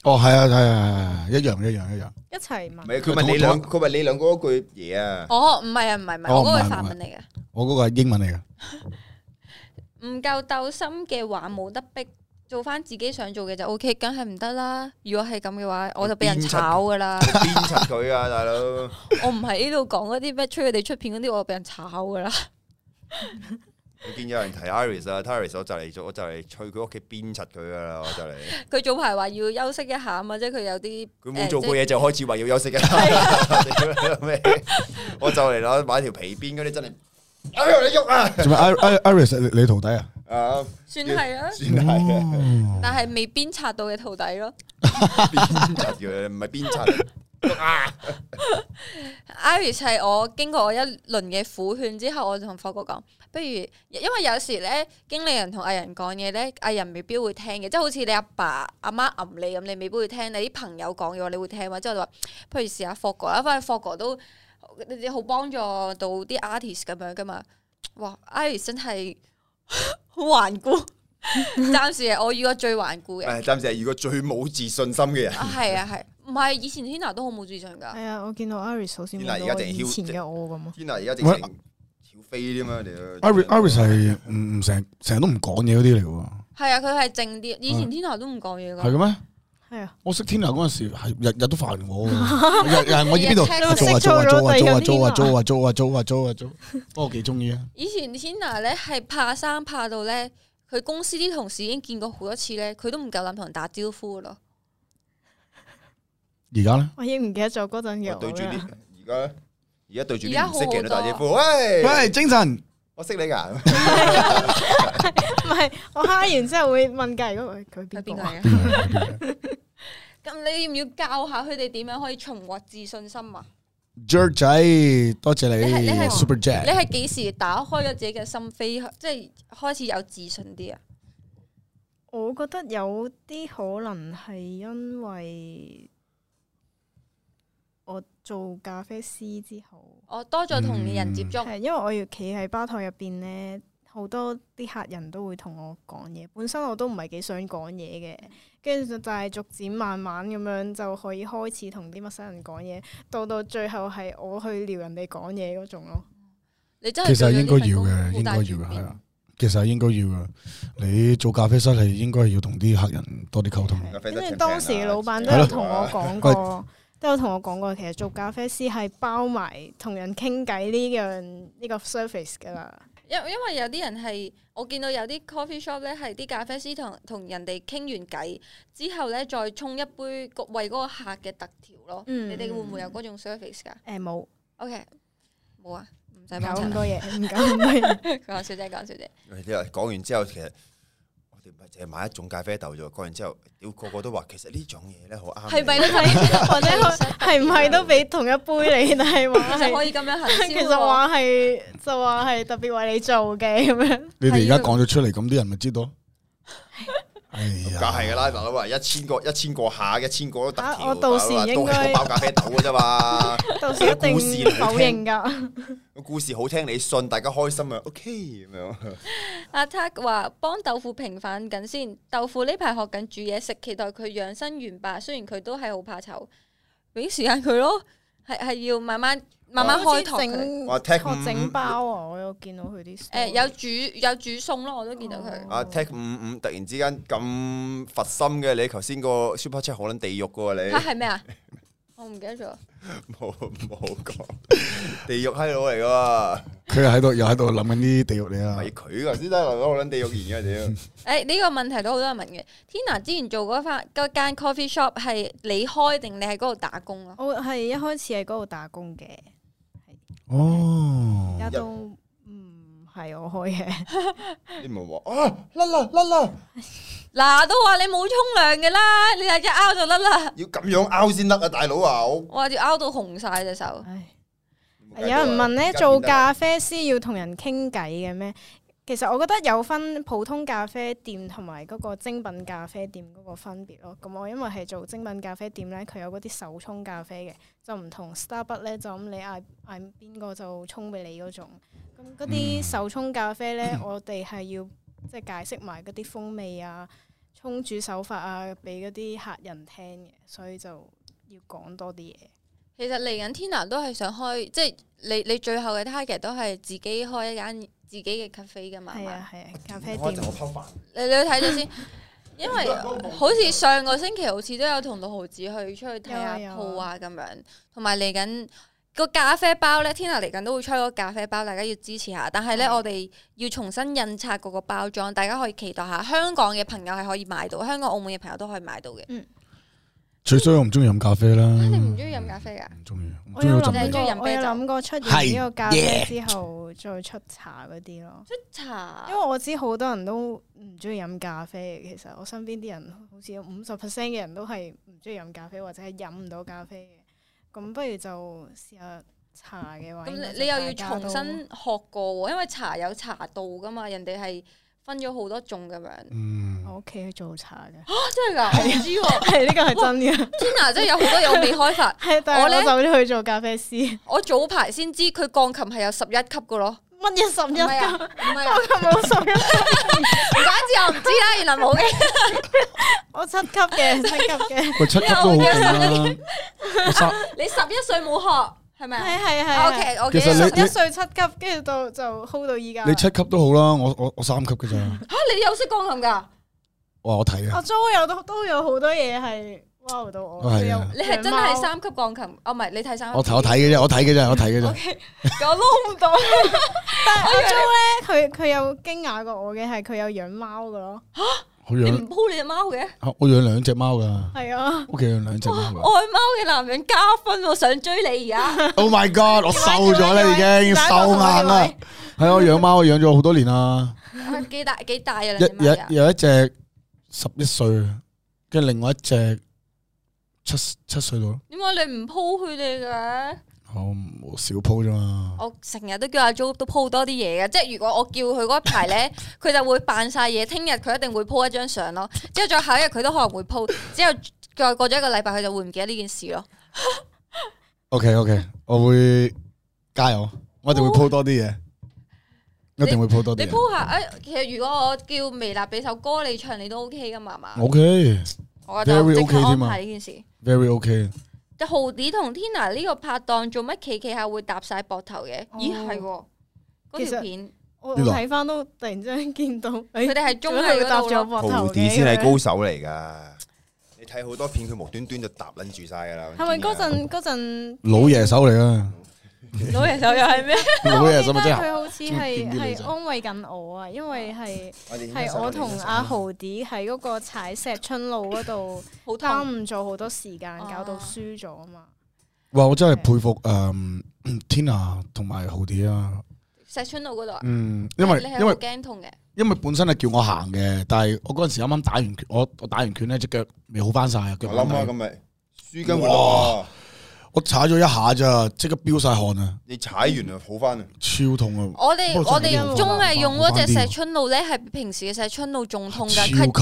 哦，係啊，係啊，係，一樣，一樣，一樣。一齊問。唔係佢問你兩，佢問你兩個嗰句嘢啊。哦，唔係啊，唔係唔係，我嗰個係法文嚟嘅，我嗰個係英文嚟嘅。唔夠鬥心嘅話，冇得逼做翻自己想做嘅就 OK，梗係唔得啦。如果係咁嘅話，我就俾人炒噶啦。鞭策佢啊，大佬！我唔係呢度講嗰啲咩催佢哋出片嗰啲，我俾人炒噶啦。我見有人提 Iris 啊，Terry，我就嚟做，我就嚟去佢屋企鞭策佢噶啦，我就嚟。佢早排話要休息一下啊嘛，即係佢有啲，佢冇做過嘢就開始話要休息一下。啊。我就嚟攞買條皮鞭嗰啲，真係。哎、你喐啊！做咩？阿阿阿瑞你徒弟啊？啊 是，算係是啊，算係啊，但係未鞭策到嘅徒弟咯。鞭策嘅唔係鞭策。Iris 係我經過我一輪嘅苦勸之後，我就同霍哥講，不如因為有時咧，經理人同藝人講嘢咧，藝人未必會聽嘅，即係好似你阿爸阿媽揞你咁，你未必會聽。你啲朋友講嘅話，你會聽嘛？之後就話，不如試下霍哥啊，因為霍哥都。你好幫助到啲 artist 咁樣噶嘛？哇 Iris 真係好頑固。暫 時係我遇過最頑固嘅。暫、 嗯、時係遇過最冇自信心嘅人。啊係啊係，唔係以前天娜都好冇自信噶。係啊，我到見到 iris 首先天娜而家淨係以前嘅我咁啊。天娜而家定係跳飛添啊！天娜 iris 係唔成成日都唔講嘢嗰啲嚟噶。係啊，佢係靜啲。以前天娜都唔講嘢噶。係咩？我識 Tina 嗰陣時，日日都煩我，日日 我喺邊度做啊做啊做啊做啊做啊做啊做啊做啊做啊，我幾中意啊！以前 Tina 咧係怕生怕，Dogs，怕到咧，佢公司啲同事已經見過好多次咧，佢都唔夠膽同人打招呼咯。而家咧，我已經唔記得咗嗰陣有。對住啲，而家而家對住啲，識嘅打招呼，喂喂，精神，啊、 我識你噶。唔係我吓完之後會問隔籬嗰個佢邊個？ 咁你要唔要教下佢哋點樣可以重獲自信心啊？Jer 仔，多謝你嘅 Super Jack，你係幾時打開咗自己嘅心扉，即係 開始有自信啲啊？我覺得有啲可能係因為我做咖啡師之後，我多咗同人接觸、嗯，係因為我要企喺吧台入邊咧。好多啲客人都會同我講嘢，本身我都唔係幾想講嘢嘅，跟住就係逐漸慢慢咁樣就可以開始同啲陌生人講嘢，到到最後係我去撩人哋講嘢嗰種咯。你真係其實應該要嘅，應該要嘅係啦。其實應該要嘅。你做咖啡室係應該要同啲客人多啲溝通。因為的當時老闆都有同我講過，的都有同我講過， 過，其實做咖啡師係包埋同人傾偈呢樣呢個 service 噶啦。因因為有啲人係，我見到有啲 coffee shop 咧係啲咖啡師同同人哋傾完偈之後咧，再沖一杯為嗰個客嘅特調咯。嗯，你哋會唔會有嗰種 service 噶？誒，冇 Okay.。O K，冇啊，唔使講咁多嘢，唔講咁多嘢。講笑姐，講笑姐。你講完之後，其實。唔淨係買一種咖啡豆做，過完之後，要個個都話，其實呢種嘢咧，好啱你，係咪？ 或者係唔係都俾同一杯你， 但係話係可以咁樣 其實話係就話係特別為你做嘅咁 樣。你哋而家講咗出嚟，咁啲人咪知道。 梗係噶啦，嗱咁啊，一千個一千個下，一千個，一千個，一千個都得，我到時應該包咖啡豆嘅啫嘛，到時一定否認噶。個故事好聽，你信，大家開心啊，OK 咁樣。 阿 T 話幫豆腐平反緊先，豆腐呢排學緊煮嘢食，期待佢養生完吧。雖然佢都係好怕醜，俾時間佢咯。係係要慢慢慢慢開頭，我整包啊！我有見到佢啲誒有煮有煮餸咯，我都見到佢。哦、啊 Tech 五五突然之間咁佛心嘅，你頭先個 Super Chat 可能地獄嘅你。嚇係咩啊？ 我唔記得咗，冇冇講地獄喺佬嚟噶，佢 又喺度又喺度諗緊啲地獄嚟。啊！係佢噶，先得嚟我捻地獄言嘅屌！誒，呢 欸這個問題都好多人問嘅。Tina 之前做嗰翻嗰間 coffee shop 係你開定你喺嗰度打工啊？我係、哦、一開始喺嗰度打工嘅，係哦，而家都。係我開嘅。你冇好話啊，甩啦甩啦，嗱都話你冇沖涼嘅啦，你係一拗就甩啦，要咁樣拗先得啊，大佬啊，我話要拗到紅晒隻手，唉，有人問咧，做咖啡師要同人傾偈嘅咩？ 其實我覺得有分普通咖啡店同埋嗰個精品咖啡店嗰個分別咯。咁我因為係做精品咖啡店咧，佢有嗰啲手沖咖啡嘅，就唔同 Starbucks 咧，就咁你嗌嗌邊個就沖俾你嗰種。咁嗰啲手沖咖啡咧，我哋係要即係解釋埋嗰啲風味啊、沖煮手法啊，俾嗰啲客人聽嘅，所以就要講多啲嘢。其實嚟緊 Tina 都係想開，即係你你最後嘅 target 都係自己開一間自己嘅 cafe 噶嘛係啊係啊，啊咖啡店。我你你睇咗先。 因為好似上個星期好似都有同老豪子去出去睇下鋪啊，咁樣，同埋嚟緊。個咖啡包咧，天日嚟緊都會出個咖啡包，大家要支持下。但係咧，嗯、我哋要重新印刷嗰個包裝，大家可以期待下。香港嘅朋友係可以買到，香港澳門嘅朋友都可以買到嘅。嗯，除非我唔中意飲咖啡啦。你唔中意飲咖啡噶？唔中意。我有諗過，我諗過出完呢個咖啡之後，再出茶嗰啲咯。出茶，因為我知好多人都唔中意飲咖啡，其實我身邊啲人，好似有五十 percent 嘅人都係唔中意飲咖啡，或者係飲唔到咖啡嘅。咁不如就試下茶嘅話，咁你又要重新學過喎，因為茶有茶道噶嘛，人哋係分咗好多種咁樣、嗯啊。我屋企係做茶嘅。哦， 這個、真係㗎？唔知喎，呢個係真嘅。天啊，真係有好多嘢未開發。係， 但係我走咗去做咖啡師。我，我早排先知佢鋼琴係有十一級嘅咯。乜嘢？十一級，唔係啊，啊 我冇十一唔怪之我唔知啦，原來冇嘅， 我七級嘅，七級嘅，我七級都好 你十一歲冇學係咪啊？係啊係 O K，我記得十一歲七級，跟住到就 hold 到依家。你七級都好啦，我我我三級嘅咋？吓、啊，你有識鋼琴噶？哇，我睇啊，阿 Joe 有都都有好多嘢係。撈到我，你係真係三級鋼琴？哦，唔係你睇三級。我睇我睇嘅啫，我睇嘅啫，我睇嘅啫。我撈唔到，但係咧佢佢有驚訝過我嘅係佢有養貓嘅咯。吓，你唔抱你隻貓嘅？我養兩隻貓噶。係啊，屋企養兩隻貓。愛貓嘅男人加分，我想追你而家。Oh my god！我瘦咗咧，已經要瘦硬啦。係我養貓，我養咗好多年啦。幾大？幾大啊？有有一隻十一歲，跟住另外一隻。七七歲到咯，點解你唔 po 佢哋嘅？好少 po 啫嘛。我成日都叫阿 Jo 都 po 多啲嘢嘅，即係如果我叫佢嗰排咧，佢就會扮晒嘢。聽日佢一定會 po 一張相咯。之後再下一日佢都可能會 po。之後再過咗一個禮拜佢就會唔記得呢件事咯。OK，OK，我會加油，我一定會 po 多啲嘢，一定會 po 多啲。你 po 下誒，其實如果我叫微娜俾首歌你唱，你都 OK 㗎嘛？嘛，OK，我就即刻安排呢件事。very ok。嘅豪子同 Tina 呢個拍檔做乜企企下會搭晒膊頭嘅？咦係喎，嗰條片我睇翻誰都突然之間見到佢哋係中意搭咗膊頭。豪子先係高手嚟噶，你睇好多片，佢無端端就搭撚住晒噶啦。係咪嗰陣嗰陣老爺手嚟啊？ 老人手又係咩？我覺得佢好似係係安慰緊我啊，因為係係、啊、我同阿、啊、豪啲喺嗰個踩石春路嗰度 痛，耽誤咗好多時間，搞到輸咗啊嘛！哇！我真係佩服誒 Tina 同埋豪啲啊！石春路嗰度，嗯，因為因為我驚痛嘅，因為本身係叫我行嘅，嗯、但係我嗰陣時啱啱打完拳，我我打完拳呢隻腳未好翻晒，啊！我諗啊，咁咪輸金回老我踩咗一下咋，即刻飆晒汗啊！你踩完啊，跑返嚟啊，超痛啊！我哋我哋用中係用嗰隻石春路咧，係比平時嘅石春路仲痛噶，係尖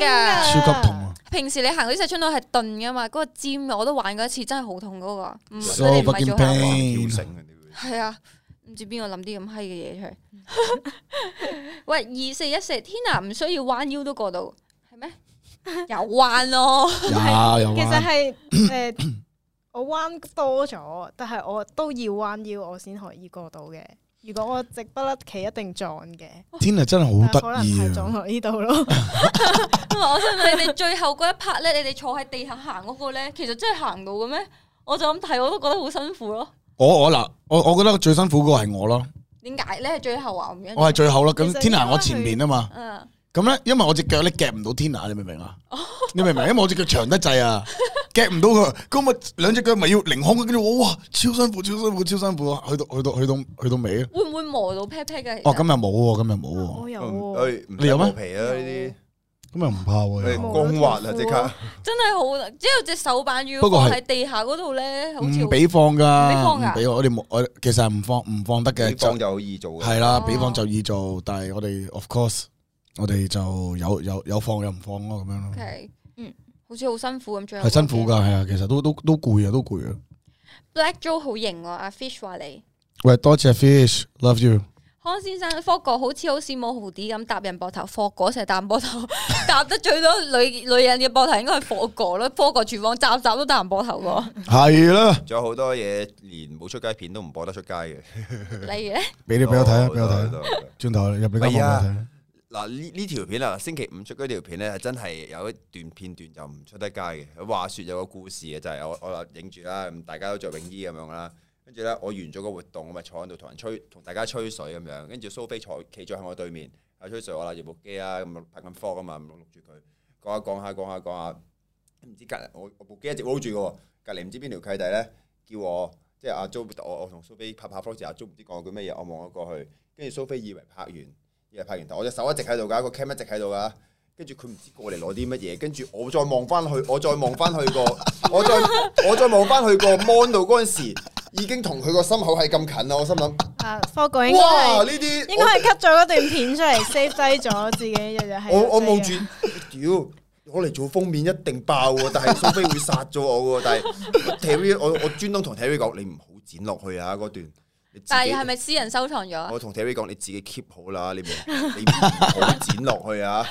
噶，超級痛啊！平時你行嗰啲石春路係鈍噶嘛，嗰個尖我都玩過一次，真係好痛嗰個。係啊，唔知邊個諗啲咁閪嘅嘢出嚟？喂，二四一四，天啊，唔需要彎腰都過到，係咩？有彎咯，其實係誒。我彎多咗，但係我都要彎腰，我先可以過到嘅。如果我直不甩企，一定撞嘅。天啊，真係好得意啊！可能係撞落呢度咯。我想問你，你最後嗰一 part 咧，你哋坐喺地下行嗰個咧，其實真係行到嘅咩？我就咁睇，我都覺得好辛苦咯。我我嗱，我我覺得最辛苦個係我咯。點解？你係最後啊？我係最後啦。咁其實 天啊，我前面嘛啊嘛。咁咧，因為我隻腳咧夾唔到天啊，你明唔明啊？你明唔明？因為我隻腳長得滯啊，夾唔到佢。咁咪兩隻腳咪要凌空？跟住我哇，超辛苦，超辛苦，超辛苦，去到去到去到去到尾啊！會唔會磨到劈劈嘅？哦，今日冇，今日冇。我有，你有咩？磨皮啊呢啲，咁又唔怕？光滑啊，即刻！真係好，只有隻手板如果喺地下嗰度咧，唔俾放噶，唔俾我。我哋冇，我其實唔放唔放得嘅，放就好易做。係啦，俾放就易做，但係我哋 of course。我哋就有有有放又唔放咯，咁樣咯。OK，嗯，好似好辛苦咁，最後係辛苦噶，係啊，其實都都都攰啊，都攰啊。Black Joe 好型喎，阿 Fish 話你。喂，多謝 Fish，love you。康先生，霍哥好似好似冇毫子咁搭人膊頭，霍哥成日彈膊頭，搭得最多女女人嘅膊頭，應該係霍哥咯。霍哥廚房集集都彈人膊頭噶。係啦，仲有好多嘢，連冇出街片都唔播得出街嘅。例如咧，俾你俾我睇啊，俾我睇，轉頭入邊俾我睇。嗱呢呢條片啊，星期五出嗰條片咧，係真係有一段片段就唔出得街嘅。話説有個故事嘅，就係、是、我我影住啦，大家都着泳衣咁樣啦，跟住咧我完咗個活動，我咪坐喺度同人吹，同大家吹水咁樣，跟住蘇菲坐企咗喺我對面，阿、啊、吹水我攞住部機啊，咁啊拍緊科㗎嘛，錄錄住佢講下講下講下講下，唔知隔離我我部機一直 hold 住嘅喎，隔離唔知邊條契弟咧叫我即係阿 Jo，我同蘇菲拍拍科時阿 Jo 唔知講咗句咩嘢，我望咗過去，跟住蘇菲以為拍完拍完台，我隻手一直喺度㗎，個 cam 一直喺度㗎，跟住佢唔知過嚟攞啲乜嘢，跟住我再望翻去，我再望翻去個，我再 我再望翻去個 mon 度嗰陣時，已經同佢個心口係咁近啦，我心諗，啊霍哥應該哇，呢啲應該係 cut 咗嗰段片出嚟 save 低咗自己日日係，我我望住，屌，我嚟做封面一定爆喎，但係蘇菲會殺咗我喎，但係 Terry 我我專登同 Terry 講，你唔好剪落去啊嗰段。但係係咪私人收藏咗？我同 Terry 講，你自己 keep 好啦，你唔你唔剪落去啊！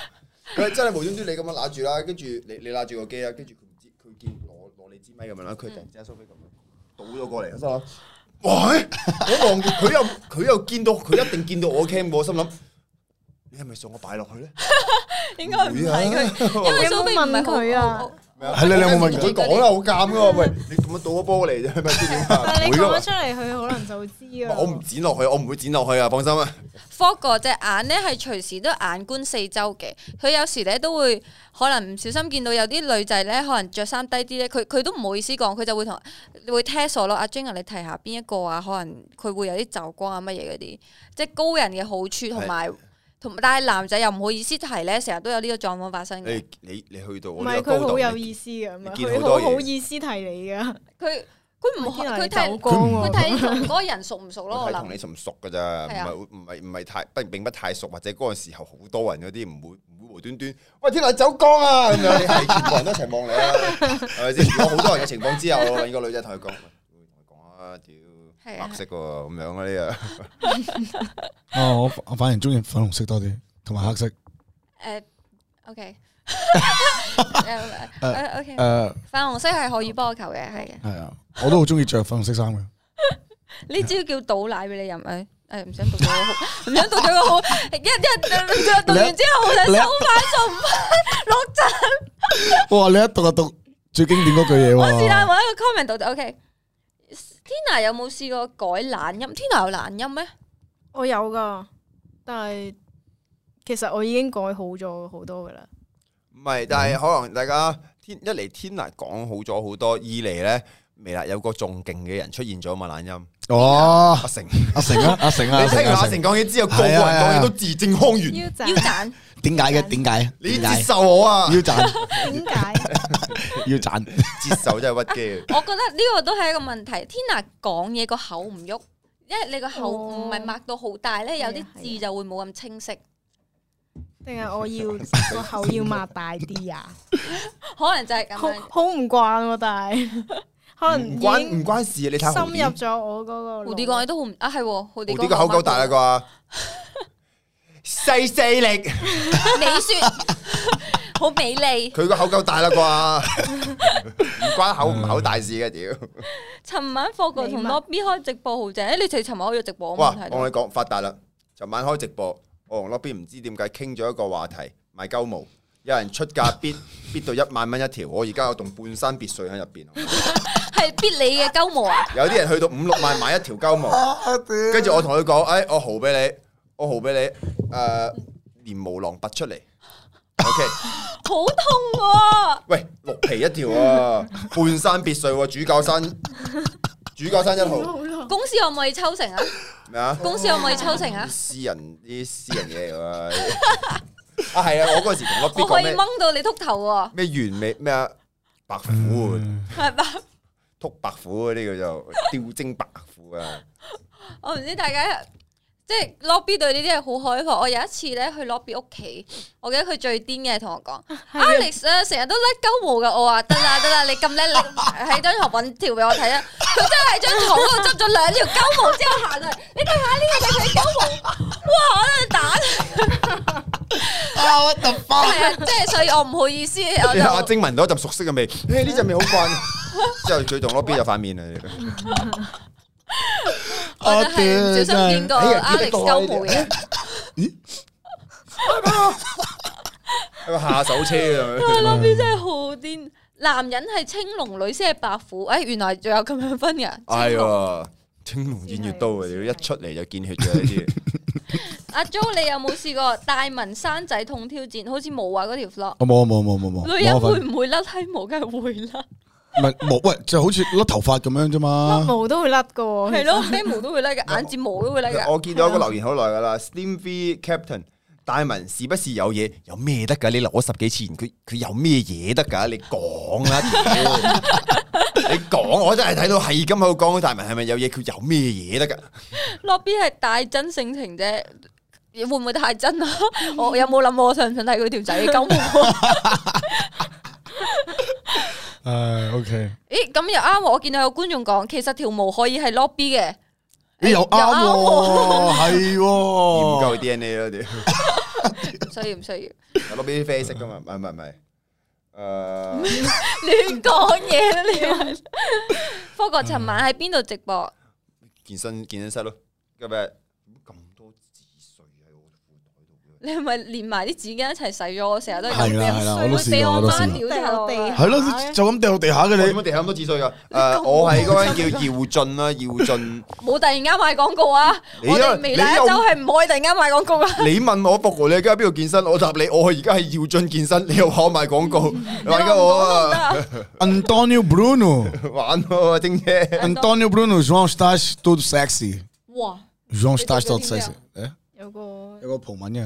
佢 真係無端端你咁樣拿住啦，跟住你你，你拿住個機啊，跟住佢唔知佢見攞攞你支咪咁樣啦，佢突然之間蘇菲咁倒咗過嚟，我心諗喂，我望住佢又佢又見到佢一定見到我 cam，我心諗你係咪想我擺落去咧？ 應該唔係。啊、因為蘇菲 因為問佢啊。係你、哎、你冇問佢講啦，好尷噶喂， 你咁樣倒一波嚟啫，係咪先點啊？但係你講咗出嚟，佢可能就會知啊。我唔剪落去，我唔會剪落去啊！放心啊。Fok 哥隻眼咧係隨時都眼觀四周嘅，佢有時咧都會可能唔小心見到有啲女仔咧、啊，可能着衫低啲咧，佢佢都唔好意思講，佢就會同會 test 咯。阿晶你睇下邊一個啊？可能佢會有啲走光啊乜嘢嗰啲，即係高人嘅好處同埋。同但係男仔又唔好意思提咧，成日都有呢個狀況發生你。你你你去到唔係佢好有意思嘅，佢好好意思提你噶。佢佢唔佢睇佢睇同嗰個人熟唔熟咯？同你熟唔熟嘅咋，唔係唔係唔係太並並不太熟，或者嗰陣時候好多人嗰啲唔會唔會無端端喂天來走光啊咁樣，你係全部人都一齊望你啦、啊，係咪先？如果好多人嘅情況之下，揾個女仔同佢講，同佢講啊白色喎咁樣啊，呢個哦我我反而中意粉紅色多啲，同埋黑色。誒，OK，OK，誒，粉紅色係可以幫我求嘅，係嘅。係啊，我都好中意着粉紅色衫嘅。呢招叫倒奶俾你飲，誒誒，唔想讀咗，唔想讀咗個好一日讀完之後，我想收翻仲翻六陣。哇！你一讀就讀最經典嗰句嘢。我知啦，我一個 comment 讀就 OK。Tina 有冇試過改懶音？Tina 有懶音咩？我有噶，但係其實我已經改好咗好多噶啦。唔係、嗯，但係可能大家天一嚟，Tina 講好咗好多；二嚟咧，未來有個仲勁嘅人出現咗嘛懶音。哦，阿成，阿、 啊、成啊，啊成啊 阿成對啊，你聽阿成講嘢，之後個個人講嘢都字正腔圓。腰賺彈？點解嘅？點解彈？彈你接受我啊？腰賺？點解？要賺接受真係屈機。我覺得呢個都係一個問題。Tina 講嘢個口唔喐，因為你個口唔係擘到好大咧，有啲字就會冇咁清晰。定係我要個口要擘大啲啊？可能就係咁好唔慣咯，但係可能唔關唔關事。你深入咗我嗰個蝴蝶講嘢都唔啊，係蝴蝶個口夠大啊，啩？細細力，你說。好美麗，佢個 口夠大啦啩，唔 關口唔口大事嘅屌。嗯、 尋晚霍哥同洛 B 開直播好正，你隨尋晚開咗直播。哇，我同你講發達啦，尋晚開直播，我同洛 B 唔知點解傾咗一個話題賣鳩毛，有人出價 必必到一萬蚊一條，我而家有棟半山別墅喺入邊，係 必你嘅鳩毛啊！有啲人去到五六萬買一條鳩毛， 跟住我同佢講，哎，我豪俾你，我豪俾你，誒、呃，連毛囊拔出嚟。OK，好痛，啊。喂，六皮一條啊，半山別墅，啊，主教山，主教山一號。公司可唔可以抽成啊？咩啊？公司可唔可以抽成啊？私人啲私人嘢啊。 啊，係啊，我嗰時同我邊個咩？可以掹到你禿頭啊？咩完美咩啊？白虎係白禿白虎呢個就吊精白虎啊！ 我唔知大家。即係 Lobby 對呢啲係好開放。我有一次咧去 Lobby 屋企，我記得佢最癲嘅係同我講，Alex 咧成日都甩鳩毛噶。我話得啦得啦，你咁叻，你喺張台揾條俾我睇啊。佢真係喺張台度執咗兩條鳩毛之後行嚟，你睇下呢個係幾鳩毛？哇！我哋打啊！我特，係啊！即係所以我唔好意思，我就阿晶聞到一陣熟悉嘅味，誒呢陣味好怪。之後最凍 Lobby 就反面啦。我係，就像見過 Alex 修眉。咦，係咪啊？有個下手車啊！我諗住真係好癲，男人係青龍，女先係白虎。哎，原來仲有咁樣分嘅。哎呀，青龍偃月刀你一出嚟就見血咗。阿 Jo，你有冇試過大文山仔痛挑戰？好似冇啊，嗰條 floor。冇冇冇冇冇。女人會唔會甩閪毛？梗係會甩。咪冇喂，就好似甩頭髮咁樣啫嘛，毛都會甩噶係咯，眉毛都會甩噶眼睫毛都會甩噶我見到有個留言好耐噶啦，Steam V Captain 大文是不是有嘢？有咩得噶你攞十幾千，佢佢有咩嘢得噶你講啦，你講，我真係睇到係咁喺度講，大文係咪有嘢？佢有咩嘢得噶洛賓係大真性情啫，會唔會太真啊？我有冇諗我想唔想睇佢條仔狗？誒，OK。咦，咁又啱喎！我見到有觀眾講，其實條毛可以係 lobby 嘅。你又啱喎，係喎。研究 DNA 嗰啲，所以唔需要。lobby 啡色噶嘛？唔係唔係，誒，亂講嘢啦你。霍哥尋晚喺邊度直播？健身健身室咯，今日。你係咪連埋啲紙巾一齊洗咗？我成日都係咁樣掉我翻了之後，掉係咯，就咁掉落地下嘅你，點解地下咁多紙碎㗎？誒，我係嗰位叫耀俊啦，耀俊冇突然間賣廣告啊！你因為你又係唔可以突然間賣廣告啊！你問我復，你而家邊度健身？我答你，我而家係耀俊健身，你又跑賣廣告，而家我 Antonio Bruno 玩喎，丁姐 Antonio Bruno，João está tudo sexy，João está tudo sexy，有個有個葡文嘢。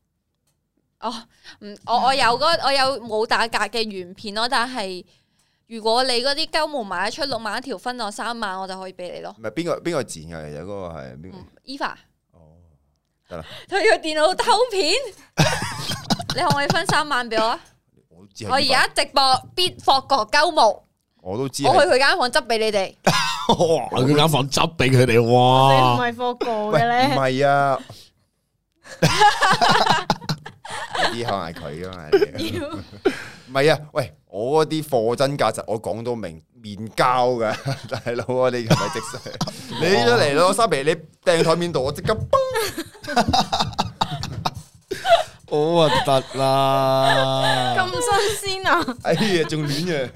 哦，唔，我我有我有冇打格嘅原片咯，但係如果你嗰啲鳩毛買得出六萬一條，分我三萬，我就可以俾你咯。唔係邊個邊個剪嘅？其實嗰個係邊個？Eva。哦，得啦，佢用電腦偷片，你可唔可以分三萬俾我啊？我而家直播必霍國鳩毛，我都知。我去佢間房執俾你哋，我去佢間房執俾佢哋喎！你唔係霍國嘅咧？唔係啊。啲可能係佢噶嘛？唔係要啊！喂，我嗰啲貨真價實，我講到明，面交噶，大佬啊！你係咪直上，你都嚟咯，三皮，你掟台面度，我即刻崩。好核突啦！咁新鮮啊！哎呀，仲亂嘅，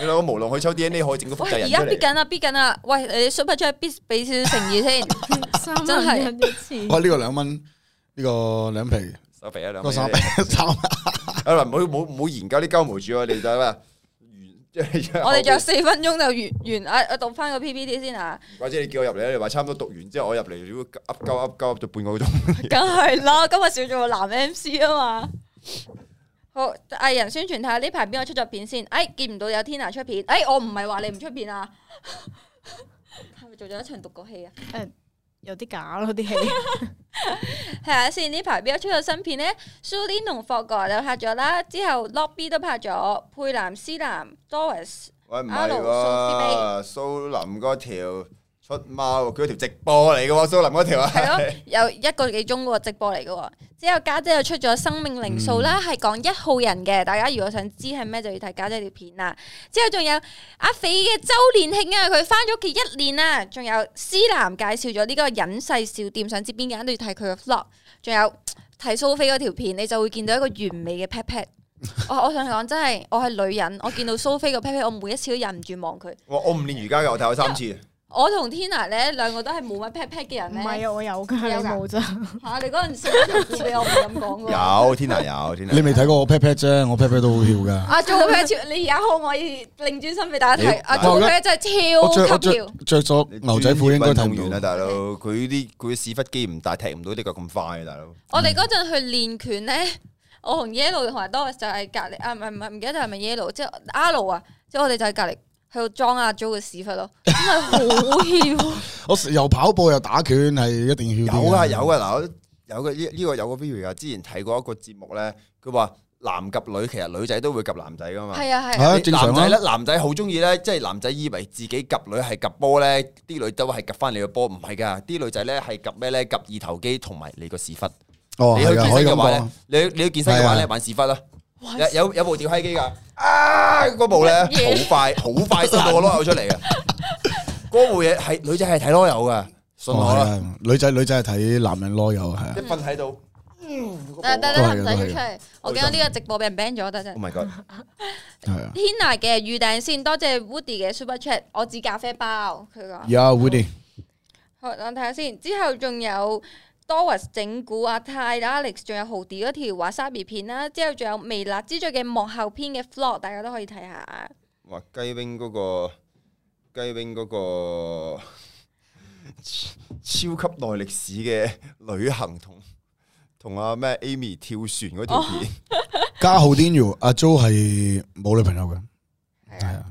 你諗，無論可以抽 D N A，可以整到複製人嚟。而家 bid 緊啦，bid 緊啦！喂，你 super 出去，bid 俾少少誠意先，真係。我呢、 呢個兩蚊，呢、呢個兩、呢個、皮。多肥咗兩，多三一三。啊，唔好唔好唔好研究啲鳩毛住，有有我哋就啊，我哋仲有四分鐘就完完一一道翻個 PPT 先啊。或者你叫我入嚟你話差唔多讀完之後我入嚟，如果噏鳩噏鳩到半個鐘，梗係啦。 今日少咗個男 M C 啊嘛。好，藝人宣傳睇下呢排邊個出咗片先。哎，見唔到有天 i 出片。哎，我唔係話你唔出片啊。係 咪做咗一場獨角戲啊？嗯。 有啲假咯啲戲，係啊！先呢排邊一出咗新片咧？蘇林同霍哥就拍咗啦，之後 Lobby 都拍咗，佩蘭斯南、Doris，喂唔係喎，蘇、啊、林嗰條。出貓，佢一條直播嚟嘅喎，蘇林嗰條係。係咯，有一個幾鐘嘅直播嚟嘅。之後家姐，姐又出咗《生命靈數》啦，係講一號人嘅，大家如果想知係咩？就要睇家姐條片啦。之後仲有阿肥嘅周年慶啊，佢翻咗屋企一年啦。仲有思南介紹咗呢個隱世小店，想知邊間都要睇佢嘅 vlog。仲有睇蘇菲嗰條片，你就會見到一個完美嘅 pat pat。我我想講真係，我係女人，我見到蘇菲嘅 pat pat，我每一次都忍唔住望佢。我我唔練瑜伽嘅，我睇咗三次。 我同 Tina 咧，兩個都係冇乜 p e t p e t 嘅人咧。唔係啊，我有噶，有冇咋？嚇、啊！你嗰陣時你又唔咁講噶。 有 Tina 有 Tina，有你未睇過我 p e t p e t 啫？我 p e t p e t 都好跳噶。啊，阿 Joe pat 超！你而家可唔可以擰轉身俾大家睇？啊，阿 Joe pat 真係超級跳。著咗牛仔褲應該騰唔完啦，大佬。佢啲佢屎忽肌唔大，踢唔到啲腳咁快，大佬。我哋嗰陣去練拳咧，我同 Yellow 同埋 Doris 就喺隔離啊！唔係唔係，唔記得係咪 Yellow？即係阿 Lu 啊！即係我哋就喺隔離。喺度裝阿 Jo 嘅屎忽咯，真係好要！我又跑步又打拳，係一定要有啊有啊嗱，有個呢呢個有個 view 啊！之前睇過一個節目咧，佢話男夾女，其實女仔都會夾男仔噶嘛。係啊係，正常啦。男仔咧，男仔好中意咧，即係男仔以為自己夾女係夾波咧，啲女都係夾翻你個波，唔係噶，啲女仔咧係夾咩咧？夾二頭肌同埋你個屎忽。哦，你去健身嘅話咧，你你去健身嘅話咧，玩屎忽啦。有有有部吊閪機噶啊！嗰部咧好快好快出到個囉柚出嚟啊！嗰部嘢係女仔係睇囉柚噶，信我啦！女仔女仔係睇男人囉柚係啊！一分喺度，但但你冇睇出嚟，我驚呢個直播俾人 ban 咗，真係。Oh my god！係啊，Tina 嘅預訂先，多謝 Woody 嘅 super chat，我指咖啡包，佢講。Yeah, Woody。好，我睇下先，之後仲有。多華整蠱阿泰 Alex 仲有豪迪嗰條瓦莎比片啦，之後仲有《微辣之最》嘅幕後篇嘅 Vlog，大家都可以睇下。哇，雞 wing 嗰個雞 wing 嗰個超級耐歷史嘅旅行同同阿、啊、咩 Amy 跳船嗰條片，加好啲。阿 Jo 係冇女朋友㗎。係啊。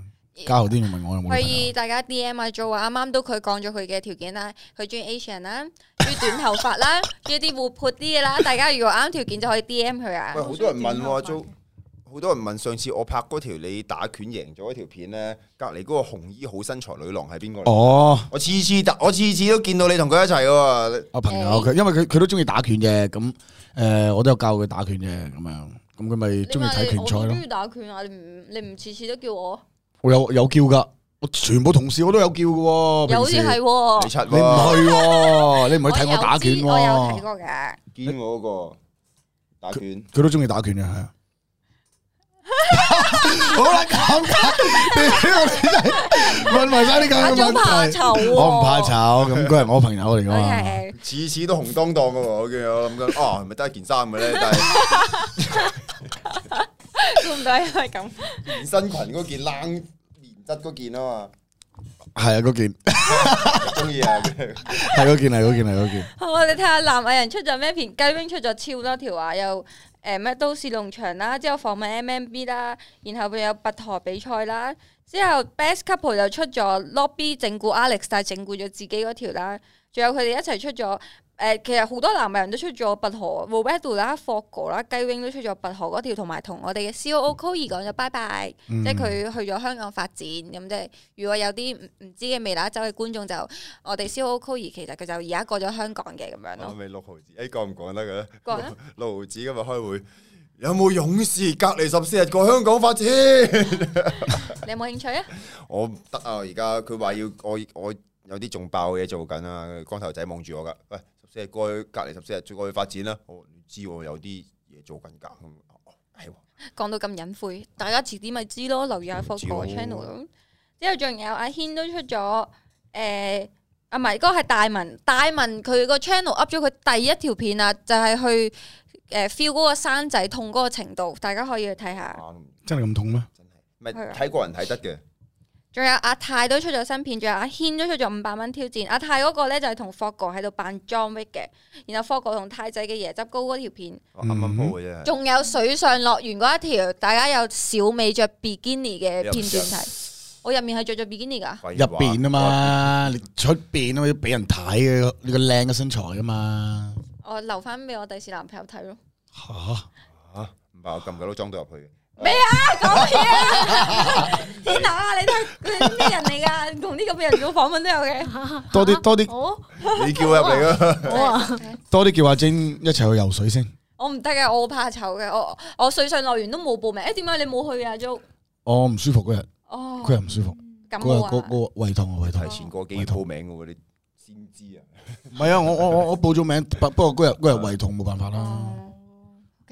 加教啲人問我有有，有冇？可以大家 D M 阿 Jo 啊，啱啱都佢講咗佢嘅條件啦，佢中意 Asian 啦、啊，中意短頭髮啦、啊，中意啲活潑啲嘅啦。大家如果啱條件就可以 D M 佢啊。喂，好多人問，Jo，好多人問，、啊、Jo, 多人問上次我拍嗰條你打拳贏咗嗰條片咧，隔籬嗰個紅衣好身材女郎係邊個？哦，我次次打，我次次都見到你同佢一齊噶、啊。啊朋友，佢、欸、因為佢佢都中意打拳嘅，咁誒、呃，我都有教佢打拳啫，咁樣，咁佢咪中意睇拳賽咯？中意打拳啊？你唔你唔次次都叫我？我有有叫噶，我全部同事我都有叫嘅。好似係，哦、你唔係、啊， 你唔係，你唔係睇我打拳、啊我？我有睇你、邊個嗰個打拳？佢都中意打拳嘅係啊。 好啦，尷尬，你你你你你你你問埋晒呢嘅問題。哦、我唔怕醜，咁佢係我朋友嚟噶嘛？次 Okay. 次都紅當當噶，我見我諗緊，哦、啊，係咪得一件衫咪咧？但 估唔到又係咁，連身裙嗰件冷棉質嗰件啊嘛，係啊嗰件，中意啊，係嗰件係嗰件係嗰件。我哋睇下男藝人出咗咩片，雞 wing 出咗超多條啊，又誒咩都市農場啦，之後訪問 M M B 啦，然後佢有拔河比賽啦，之後 Best Couple 就出咗 Lobby 整蠱 Alex，但係整蠱咗自己嗰條啦，仲有佢哋一齊出咗。誒，其實好多男藝人都出咗拔河，Wade 杜拉、霍哥啦、雞 wing 都出咗拔河嗰條，同埋同我哋嘅 C.O.O. c o 講咗拜拜，嗯、即係佢去咗香港發展。咁即係如果有啲唔知嘅未打走嘅觀眾就，就我哋 c o c o 其實佢就而家過咗香港嘅咁樣咯。未六毫子，依講唔講得噶？六毫子今日開會，有冇勇士隔離十四日過香港發展？ 你有冇興趣啊？ 我唔得啊，而家佢話要我我有啲仲爆嘅嘢做緊啊！光頭仔望住我噶，喂～即係過去隔籬十四日再過去發展啦。好，唔知我有啲嘢做緊架咁，係、嗯。講到咁隱晦，大家遲啲咪知咯。留意下霍哥個 channel 咯、啊。之後仲有阿軒都出咗誒、呃，啊唔係，嗰個係大文。大文佢個 channel up 咗佢第一條片啊，就係、是、去誒 feel 嗰個生仔痛嗰個程度，大家可以去睇下。真係咁痛咩？真係咪睇個人睇得嘅。仲有阿泰都出咗新片，仲有阿軒都出咗五百蚊挑戰。阿泰嗰個咧就係同霍哥喺度扮裝逼嘅，然後霍哥同泰仔嘅椰汁糕嗰條片，仲、嗯、有水上樂園嗰一條，大家有小美着比基尼嘅片段睇。我入面係着咗比基尼噶。入邊啊嘛，你出邊都要俾人睇嘅，你個靚嘅身材啊嘛。我留翻俾我第時男朋友睇咯。吓吓、啊，唔係我咁耐都裝到入去。啊啊啊啊啊咩啊？講嘢啊！天啊！你都係咩人嚟噶？同啲咁嘅人做訪問都有嘅、啊。多啲多啲。Oh? 你叫入嚟啊！Oh. Oh. Okay. 多啲叫阿晶一齊去游水先。我唔得嘅，我好怕醜嘅。我我水上樂園都冇報名。誒、欸，點解你冇去啊？阿 Jo。我唔舒服嗰日。哦。佢又唔舒服。感冒、oh. 天啊。佢胃痛，我胃痛。提前過幾日報名嘅喎，你先知啊？唔係 啊，我我我我報咗名， 不過嗰日嗰日胃痛，冇辦法啦。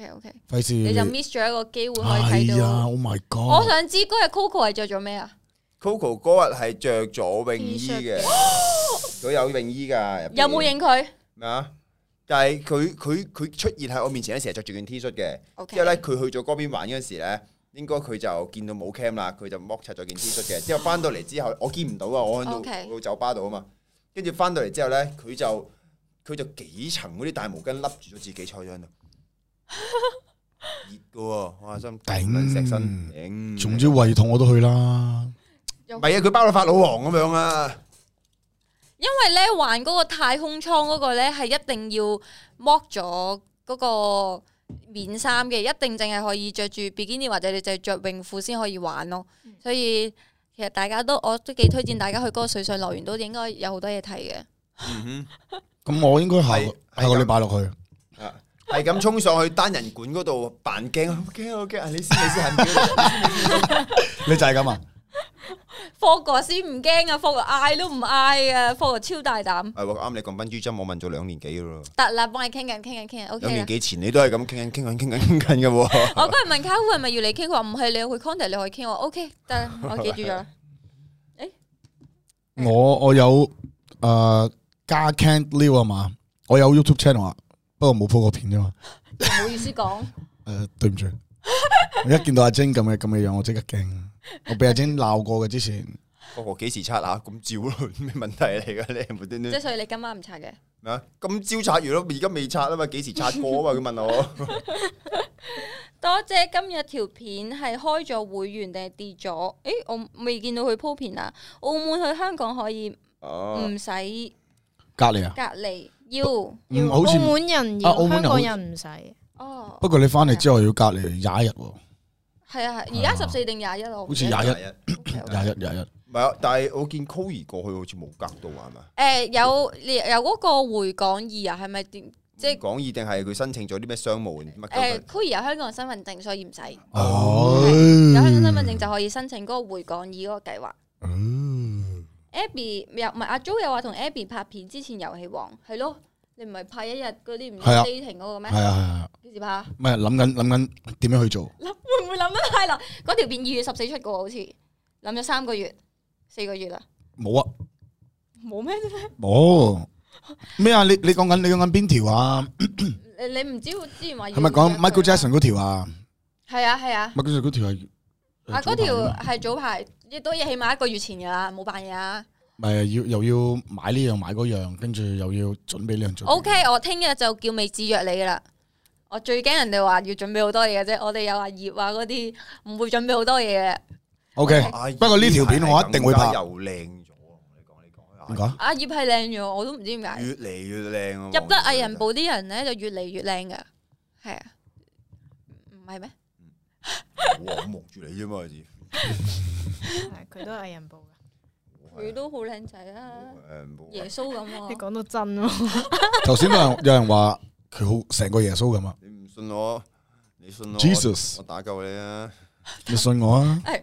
O K，O K，費事你就 miss 咗一個機會、哎、呀可以睇到。係啊，Oh my God！我想知嗰日 Coco 係着咗咩啊？Coco 嗰日係着咗泳衣嘅，佢有泳衣㗎。有冇影佢？咩啊？但係佢佢佢出現喺我面前咧，成日着住件 T 恤嘅。之後咧，佢去咗江邊玩嗰陣時咧，應該佢就見到冇 cam 啦，佢就剝柒咗件 T 恤嘅。之後翻到嚟之後， 我見唔到啊！我喺度到，Okay. 到酒吧度啊嘛。跟住翻到嚟之後咧，佢就佢就幾層嗰啲大毛巾笠住咗自己坐咗喺度。熱 嘅，哇！真頂，石身，頂總之胃痛我都去啦。唔係啊，佢包到法老王咁樣啊。因為咧玩嗰個太空艙嗰個咧係一定要剝咗嗰個面衫嘅，一定淨係可以着住比基尼或者你淨係着泳褲先可以玩咯。所以其實大家都我都幾推薦大家去嗰個水上樂園，都應該有好多嘢睇嘅。咁、嗯、哼 我應該係下個禮拜落去。 係咁衝上去單人館嗰度扮驚，驚啊驚啊！你先 你先狠，你就係咁啊霍哥先唔驚啊霍哥嗌都唔嗌啊霍哥超大膽。係喎，啱你講賓豬針，我問咗兩年幾咯。得啦，幫你傾緊，傾緊，傾緊。兩年幾前你都係咁傾緊，傾緊，傾緊，傾緊嘅。我今日問卡戶係咪要你傾，佢話唔係，你去 contact 你可以傾。我 OK，得，我記住咗。誒，我我有誒加 Can’t Leo 啊嘛，我有、呃、有 YouTube channel 啊。不過冇鋪過片啫嘛，唔好意思講、 uh,。誒，對唔住，我一見到阿晶咁嘅咁嘅樣，我即刻驚。我俾阿晶鬧過嘅之前， 哦、我幾時拆啊？咁照咯、啊，咩問題嚟、啊、噶？你唔好啲啲。即係所以你今晚唔拆嘅。啊，咁朝拆完咯，而家未拆啊嘛？幾時拆過啊？嘛佢問我。 多謝今日條片係開咗會員定係跌咗？誒，我未見到佢鋪片啊。澳門去香港可以唔使隔離啊？隔離。要，唔，澳門人要，香港人唔使。哦。不過你翻嚟之後要隔離廿一日喎。係啊係，而家十四定廿一啊？好似廿一，廿一，廿一。係啊，但係我見 Coir 過去好似冇隔到啊嘛。誒，有有個回港易啊？係咪即係港易定係佢申請咗啲咩商務？誒，Coir 有香港嘅身份證，所以唔使。哦。有香港身份證就可以申請嗰個回港易嗰個計劃。嗯。Abby、Joe、又唔係阿 Jo 又話同 Abby 拍片之前遊戲王係咯，你唔係拍一日嗰啲唔係 dating 嗰個咩？係是啊，係啊。幾時拍？唔係諗緊諗緊點樣去做？嗱，會唔會諗得太耐？嗰條片二月十四出噶，好似諗咗三個月、四個月啦沒、啊。冇啊，冇咩冇咩啊？你你講緊你講緊邊條啊？ 你唔知我之前講話係咪講 Michael Jackson 嗰條啊？係啊，係啊，是啊，是啊。Michael Jackson 嗰條係。啊！嗰條係早排，亦都，起碼一個月前噶啦，冇扮嘢啊！咪要又要買呢樣買嗰樣，跟住又要準備呢樣。O K，我聽日就叫美智約你噶啦。我最驚人哋話要準備好多嘢嘅啫，我哋有阿葉啊嗰啲，唔會準備好多嘢嘅。O K，不過呢條片我一定會拍，又靚咗。你講你講，點解？阿葉係靚咗，我都唔知點解，越嚟越靚。入得藝人部啲人咧就越嚟越靚噶，係啊，唔係咩？我望住你啫嘛，佢都藝人報噶，佢都好靚仔啊，耶穌咁喎，你講到真喎。頭先有人有人話佢好成個耶穌咁啊！你唔信我，你信我，Jesus，我打救你啊！你信我啊！係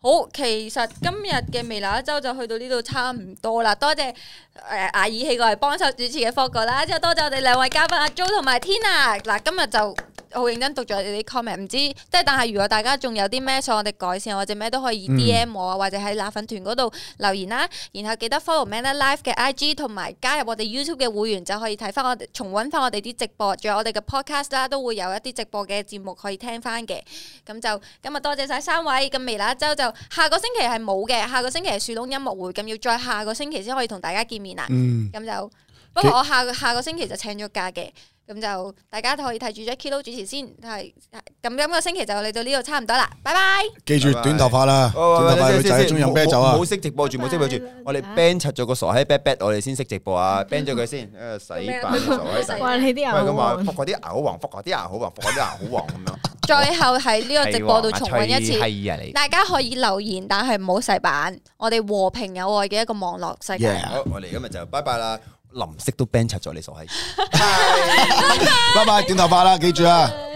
好，其實今日嘅微辣一周就去到呢度差唔多啦，多謝誒阿爾起過嚟幫手主持嘅霍哥啦，之後多謝我哋兩位嘉賓阿 Jo 同埋 Tina，嗱今日就。好認真讀咗你啲 comment，唔知即係但係如果大家仲有啲咩想我哋改善或者咩都可以 DM 我啊，嗯、或者喺辣粉團嗰度留言啦。然後記得 follow Man Life 嘅 IG 同埋加入我哋 YouTube 嘅會員就可以睇翻我哋、重温翻我哋啲直播，仲有我哋嘅 podcast 啦，都會有一啲直播嘅節目可以聽翻嘅。咁就今日多謝晒三位。咁微辣一周就下個星期係冇嘅，下個星期係樹窿音樂會，咁要再下個星期先可以同大家見面啦。咁、嗯、就。不過我下個下個星期就請咗假嘅，咁就大家可以睇住 Jacky Lau 主持先。係咁今個星期就嚟到呢度差唔多啦，拜拜！記住短頭髮啦，短頭髮女仔中意飲啤酒啊！唔好識直播住，唔好識直播住。我哋 ban 柒咗個傻閪 back back，我哋先識直播啊！ban 咗佢先，洗版。哇！你啲牙好黃，复嗰啲牙好黃，复嗰啲牙好黃咁樣。最後喺呢個直播度重溫一次，係大家可以留言，但係唔好洗版。我哋和平友愛嘅一個網絡世界。好，我哋今日就拜拜啦。藍色都 ban 出咗你手喺，拜拜，短頭髮啦，記住啊！Bye bye.